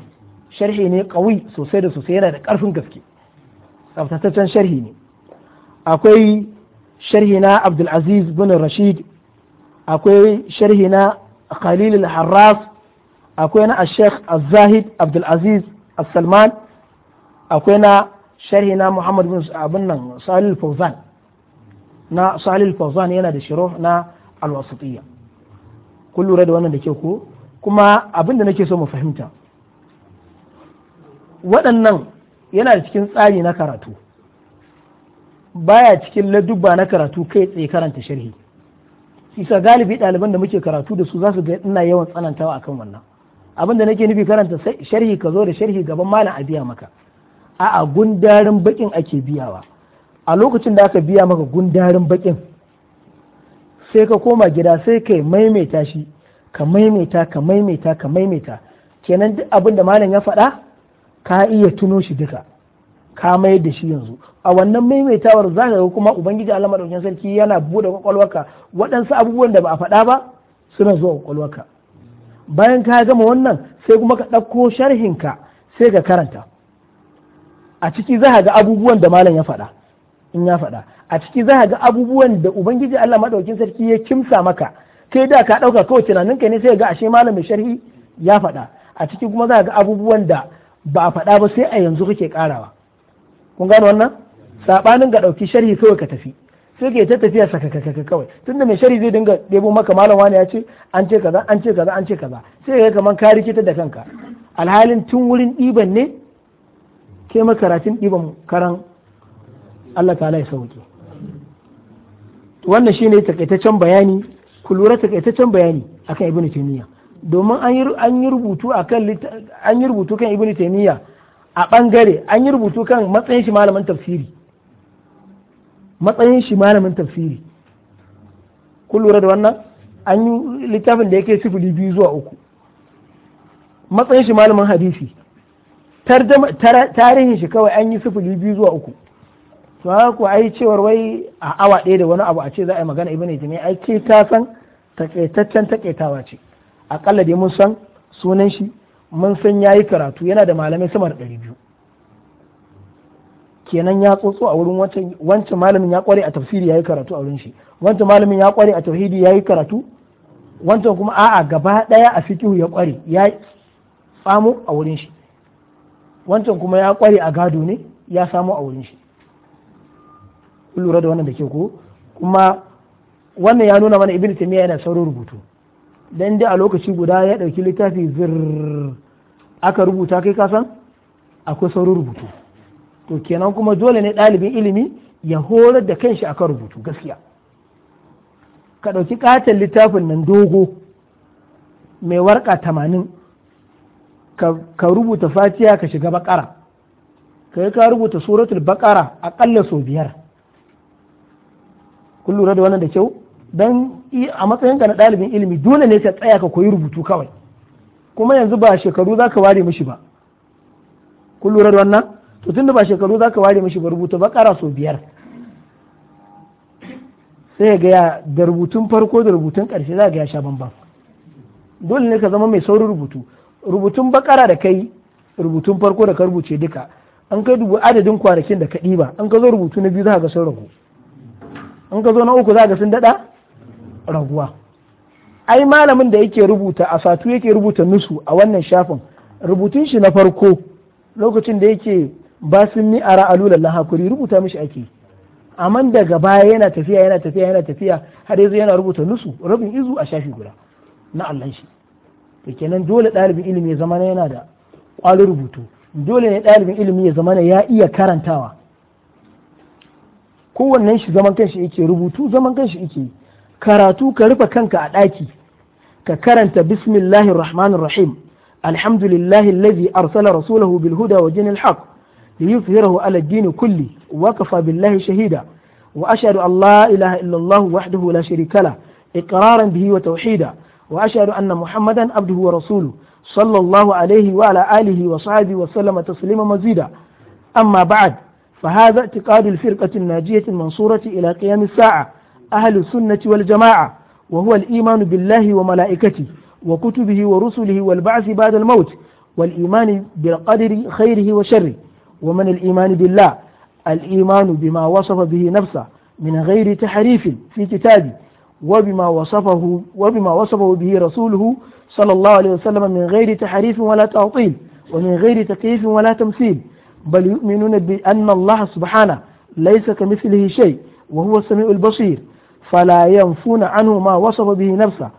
sharhi ne kawai sosai da sosai yana da karfin gaske tsaftataccen sharhi ne akwai sharhi na Abdul bin Rashid akwai sharhi na Khalil al akwai na Sheikh Az-Zahid Abdul Aziz salman akwai na sharhi na Muhammad bin abin nan Salih al na salil fawzan yana da shiruh na alwasatiyya kun lura da wannan da ke ko kuma abin da nake so mu fahimta waɗannan yana da cikin tsari na karatu baya cikin ladubba na karatu kai tsaye karanta sharhi isa galibi ɗaliban da muke karatu da su za su ga ina yawan tsanantawa akan wannan abin da nake nufi karanta sharhi ka zo da sharhi gaban malam a biya maka a'a gundarin bakin ake biyawa a lokacin da aka biya maka gundarin bakin sai ka koma gida sai ka maimaita shi ka maimaita ka maimaita ka maimaita kenan duk abin da malam ya faɗa ka iya tuno shi duka ka mayar da shi yanzu a wannan maimaitawar za ka ga kuma ubangiji Allah madaukakin sarki yana bude kwakwalwarka waɗansu abubuwan da ba a faɗa ba suna zuwa kwakwalwarka bayan ka gama wannan sai kuma ka ɗauko sharhinka sai ka karanta a ciki za ka ga abubuwan da malam ya faɗa in ya faɗa a ciki za ga abubuwan da ubangiji Allah maɗaukin sarki ya kimsa maka kai da ka ɗauka kawai tunaninka ne sai ga ashe malamin sharhi ya faɗa a ciki kuma za ga abubuwan da ba a faɗa ba sai a yanzu kake karawa kun gano wannan saɓanin ga ɗauki sharhi kawai ka tafi sai ke ta tafiya kakakaka kawai tunda mai sharhi zai dinga ɗebo maka malam wani ya ce an ce kaza an ce kaza an ce kaza sai ya kaman ka rikita da kanka alhalin tun wurin ɗiban ne ke makaratun ɗiban karan Allah Ta ya sauke wannan shine takaitaccen bayani ku lura takaitaccen bayani akan ibnu taymiya domin an yi rubutu akan an yi rubutu kan ibnu taymiya a bangare an yi rubutu kan matsayin shi malamin tafsiri matsayin shi malamin tafsiri ku lura da wannan an yi littafin da yake sifili biyu zuwa uku matsayin shi malamin hadisi tarihin shi kawai an yi sifili biyu zuwa uku to haka ku ai cewar wai a awa ɗaya da wani abu a ce za a yi magana ibn taymiya ai ce ta san takaitaccen takaitawa ce akalla dai mun san sunan shi mun san yayi karatu yana da malamai sama da ɗari biyu kenan ya tsotso a wurin wancan malamin ya kware a tafsiri yayi karatu a wurin shi wancan malamin ya kware a tauhidi yayi karatu wancan kuma a'a gaba daya a fiqh ya kware ya samu a wurin shi wancan kuma ya kware a gado ne ya samu a wurin shi kun lura da wannan da ke ko kuma wannan ya nuna mana ibn taymiya yana saurin rubutu dan dai a lokaci guda ya dauki littafi zir aka rubuta kai kasan akwai saurin rubutu to kenan kuma dole ne ɗalibin ilimi ya horar da kanshi akan rubutu gaskiya ka ɗauki katon littafin nan dogo mai warka tamanin ka rubuta fatiya ka shiga bakara ka yi ka rubuta suratul bakara ƙalla sau biyar kun lura da wannan da kyau dan a matsayin ka na ɗalibin ilimi dole ne ka tsaya ka koyi rubutu kawai kuma yanzu ba shekaru za ka ware mishi ba kun lura da wannan to tunda ba shekaru za ka ware mishi ba rubuta ba kara sau biyar sai ga ya da rubutun farko da rubutun ƙarshe za ga ya sha bamban dole ne ka zama mai saurin rubutu rubutun bakara da kai rubutun farko da ka rubuce duka an kai dubu adadin kwanakin da ka ɗiba an ka zo rubutu na biyu za ka ga sun ragu in ka zo na uku za ga sun daɗa raguwa ai malamin da yake rubuta a satu yake rubuta nusu a wannan shafin rubutun shi na farko lokacin da yake ba sun ni ara alulan lahakuri rubuta mishi ake amma daga baya yana tafiya yana tafiya yana tafiya har yanzu yana rubuta nusu rabin izu a shafi guda na Allah shi to kenan dole ɗalibin ilimi ya zama yana da ƙwalin rubutu dole ne ɗalibin ilimi ya zama ya iya karantawa kowannen shi zaman kanshi yake rubutu zaman kanshi yake karatu ka rufe kanka a ɗaki ka karanta bismillahir rahmanir rahim alhamdulillahi allazi arsala rasulahu bil huda wa dinil haqq liyuzhirahu ala ad kulli wa kafa billahi shahida wa ashhadu an la ilaha illa allah wahdahu la sharika la iqraran bihi wa tauhida wa ashhadu anna muhammadan abduhu wa rasuluhu sallallahu alaihi wa ala alihi wa sahbihi wa sallama taslima mazida amma ba'd فهذا اعتقاد الفرقة الناجية المنصورة إلى قيام الساعة أهل السنة والجماعة وهو الإيمان بالله وملائكته وكتبه ورسله والبعث بعد الموت والإيمان بالقدر خيره وشره ومن الإيمان بالله الإيمان بما وصف به نفسه من غير تحريف في كتابه وبما وصفه وبما وصفه به رسوله صلى الله عليه وسلم من غير تحريف ولا تعطيل ومن غير تكييف ولا تمثيل بل يؤمنون بأن الله سبحانه ليس كمثله شيء وهو السميع البصير فلا ينفون عنه ما وصف به نفسه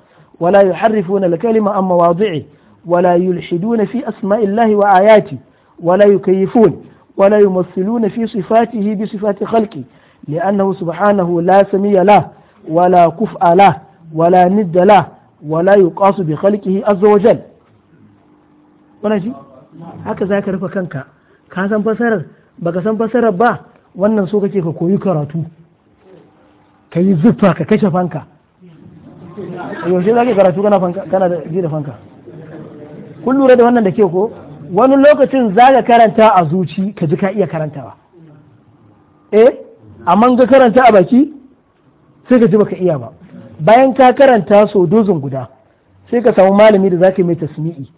ولا يحرفون الكلمة عن مواضعه ولا يلحدون في أسماء الله وآياته ولا يكيفون ولا يمثلون في صفاته بصفات خلقه لأنه سبحانه لا سمي له ولا كفء له ولا ند له ولا يقاس بخلقه عز وجل ونجي هكذا يكرف كنك ka san fasarar ka san fasarar ba wannan so kake ka koyi karatu ka yi zuffa ka kashe fanka yaushe za ka karatu kana kana da ji da fanka kun lura da wannan da ke ko wani lokacin za ka karanta a zuci ka ji ka iya karantawa eh amma ga karanta a baki sai ka ji baka iya ba bayan ka karanta so dozin guda sai ka samu malami da za ka yi mai tasmi'i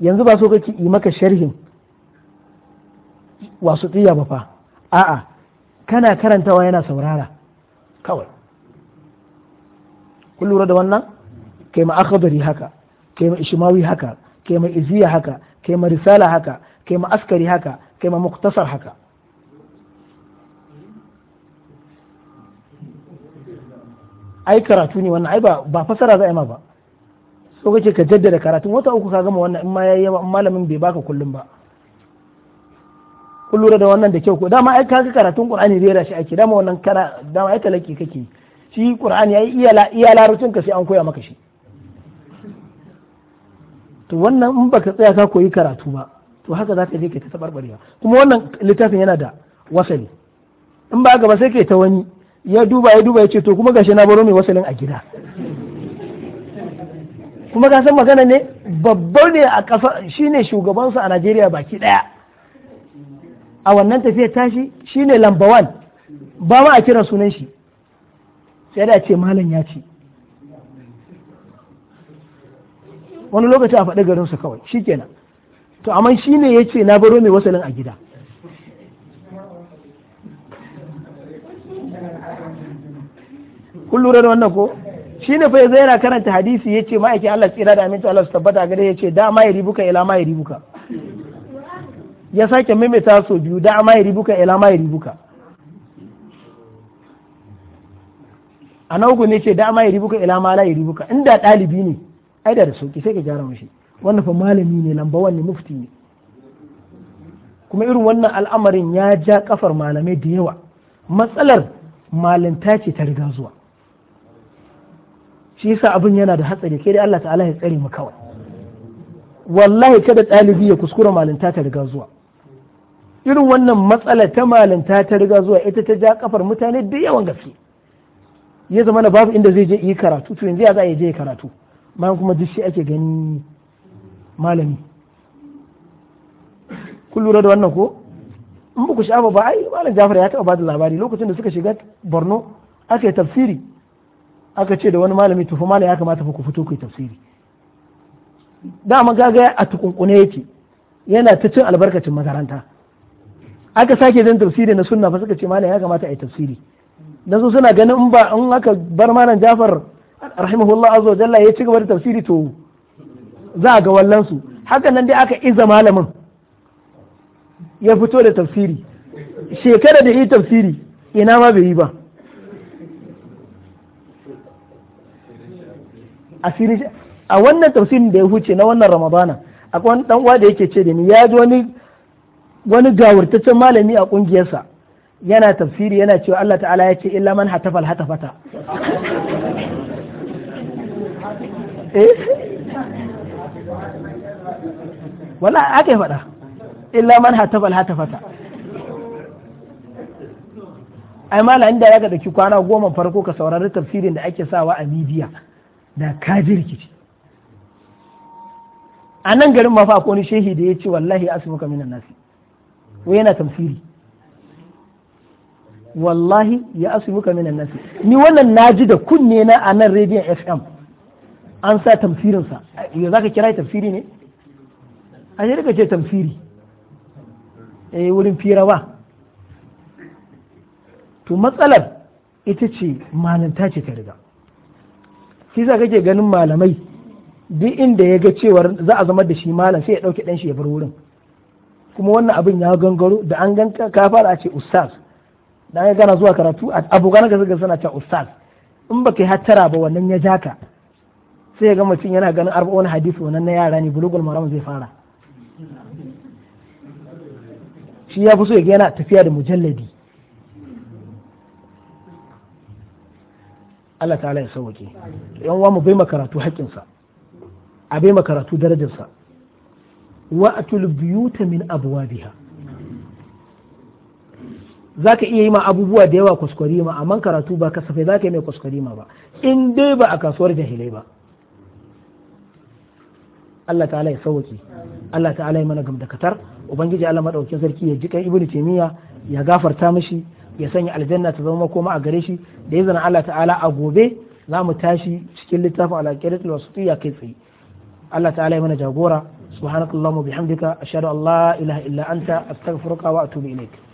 yanzu ba so kake yi maka sharhin wasu tsiya ba fa a'a kana karantawa yana saurara kawai kun lura da wannan kai ma akhadari haka kai ma ishmawi haka kai ma iziya haka kai ma risala haka kai ma askari haka kai ma muktasar haka ai karatu ne wannan ai ba ba fasara za a yi ma ba so kake ka jaddada karatun wata uku ka gama wannan in ma yayi malamin bai baka kullum ba kun lura da wannan da kyau ko dama ai kaga karatun qur'ani rera shi ake dama wannan kana dama ai talaki kake shi qur'ani ai iya iya larucin ka sai an koya maka shi to wannan in baka tsaya ka koyi karatu ba to haka za ka je ka ta tabarbarewa kuma wannan littafin yana da wasali in ba gaba sai kai ta wani ya duba ya duba ya ce to kuma gashi na baro mai wasalin a gida kuma ka san magana ne babba ne a ƙasa shine shugabansa a Najeriya baki daya a wannan tafiyar tashi shine lambawan ba ma a kira sunan shi sai da ce malam ya ce wani lokaci a faɗi garinsu kawai shi kenan to amma shi ne ya ce na baro mai wasalin a gida kullum da wannan ko shi ne fa yana karanta hadisi ya ce ma'aikin Allah tsira da aminci Allah su tabbata gare ya ce da ma ya ribuka ila ma ya ribuka ya sake maimaita so biyu da ma ribuka ila ma ribuka a na ce da ma ribuka ila ma la ribuka inda ɗalibi ne ai da sauki sai ka gyara mashi wannan fa malami ne lamba wannan mufti ne kuma irin wannan al'amarin ya ja kafar malamai da yawa matsalar malinta ce ta riga zuwa shi yasa abin yana da hatsari kai dai Allah ta'ala ya tsare mu kawai wallahi kada ɗalibi ya kuskura malinta ta riga zuwa irin wannan matsala ta malinta ta riga zuwa ita ta ja kafar mutane da yawan gaske ya zama na babu inda zai je yi karatu to yanzu ya za a je karatu bayan kuma duk shi ake gani malami kun lura da wannan ko in ba ku sha'aba ba ai malam Jafar ya taba bada labari lokacin da suka shiga Borno aka yi tafsiri aka ce da wani malami tufa malam ya kamata fa ku fito ku yi tafsiri dama gaga a tukunkune yake yana ta cin albarkacin makaranta aka sake jin tafsiri na sunna fa suka ce malam ya kamata a yi tafsiri dan su suna ganin in ba in aka bar malam Jafar rahimahullah azza jalla ya ci gaba da tafsiri to za a ga wallan su hakan nan dai aka iza malamin ya fito da tafsiri shekara da yi tafsiri ina ma bai yi ba a wannan tafsirin da ya huce na wannan ramadana akwai wani dan da yake ce da ni ya ji wani wani gawurtaccen malami a ƙungiyarsa yana tafsiri yana cewa Allah ta'ala ya ce illa man hatafal hatafata eh wala ake faɗa illa man hatafal hatafata ai mala inda ya ga daki kwana goma farko ka saurari tafsirin da ake sawa a midiya da kaji rikici a nan garin mafa ko ni shehi da ya ce wallahi asmuka minan nasi wai yana tamsiri wallahi ya muka minan nasi ni wannan naji da kunne na a nan rediyon fm an sa tamsirinsa ya za kira tamsiri ne a yi rika ce tamsiri eh wurin ba to matsalar ita ce malinta ce ta riga shi za kake ganin malamai duk inda ya ga cewar za a zama da shi malam sai ya ɗauke ɗan shi ya bar wurin kuma wannan abin ya gangaro da an gan ka fara a ce ustaz da an gana zuwa karatu abokan ka suka suna ce ustaz in baka yi hattara ba wannan ya ja ka sai ga mutum yana ganin arba'un hadisi wannan na yara ne bulugul maram zai fara shi ya fi so yana tafiya da mujalladi Allah ta'ala ya sauke yan uwa mu bai makaratu haƙƙinsa a bai makaratu darajarsa wa'atul biyuta min abwabiha za ka iya yi ma abubuwa da yawa kwaskwari ma amma karatu ba kasafai za ka yi mai kwaskwari ma ba in dai ba a kasuwar jahilai ba Allah ta'ala ya sauki Allah ta'ala ya mana gamdakatar ubangiji Allah madaukakin sarki ya jika ibnu taymiya ya gafarta mishi ya sanya aljanna ta zama koma a gare shi da ya zana Allah ta'ala a gobe za mu tashi cikin littafin alaƙirar ya kai tsaye Allah ta'ala ya mana jagora subhanakallahumma bihamdika ashhadu an a ilaha illa anta astaghfiruka wa atubu ilaik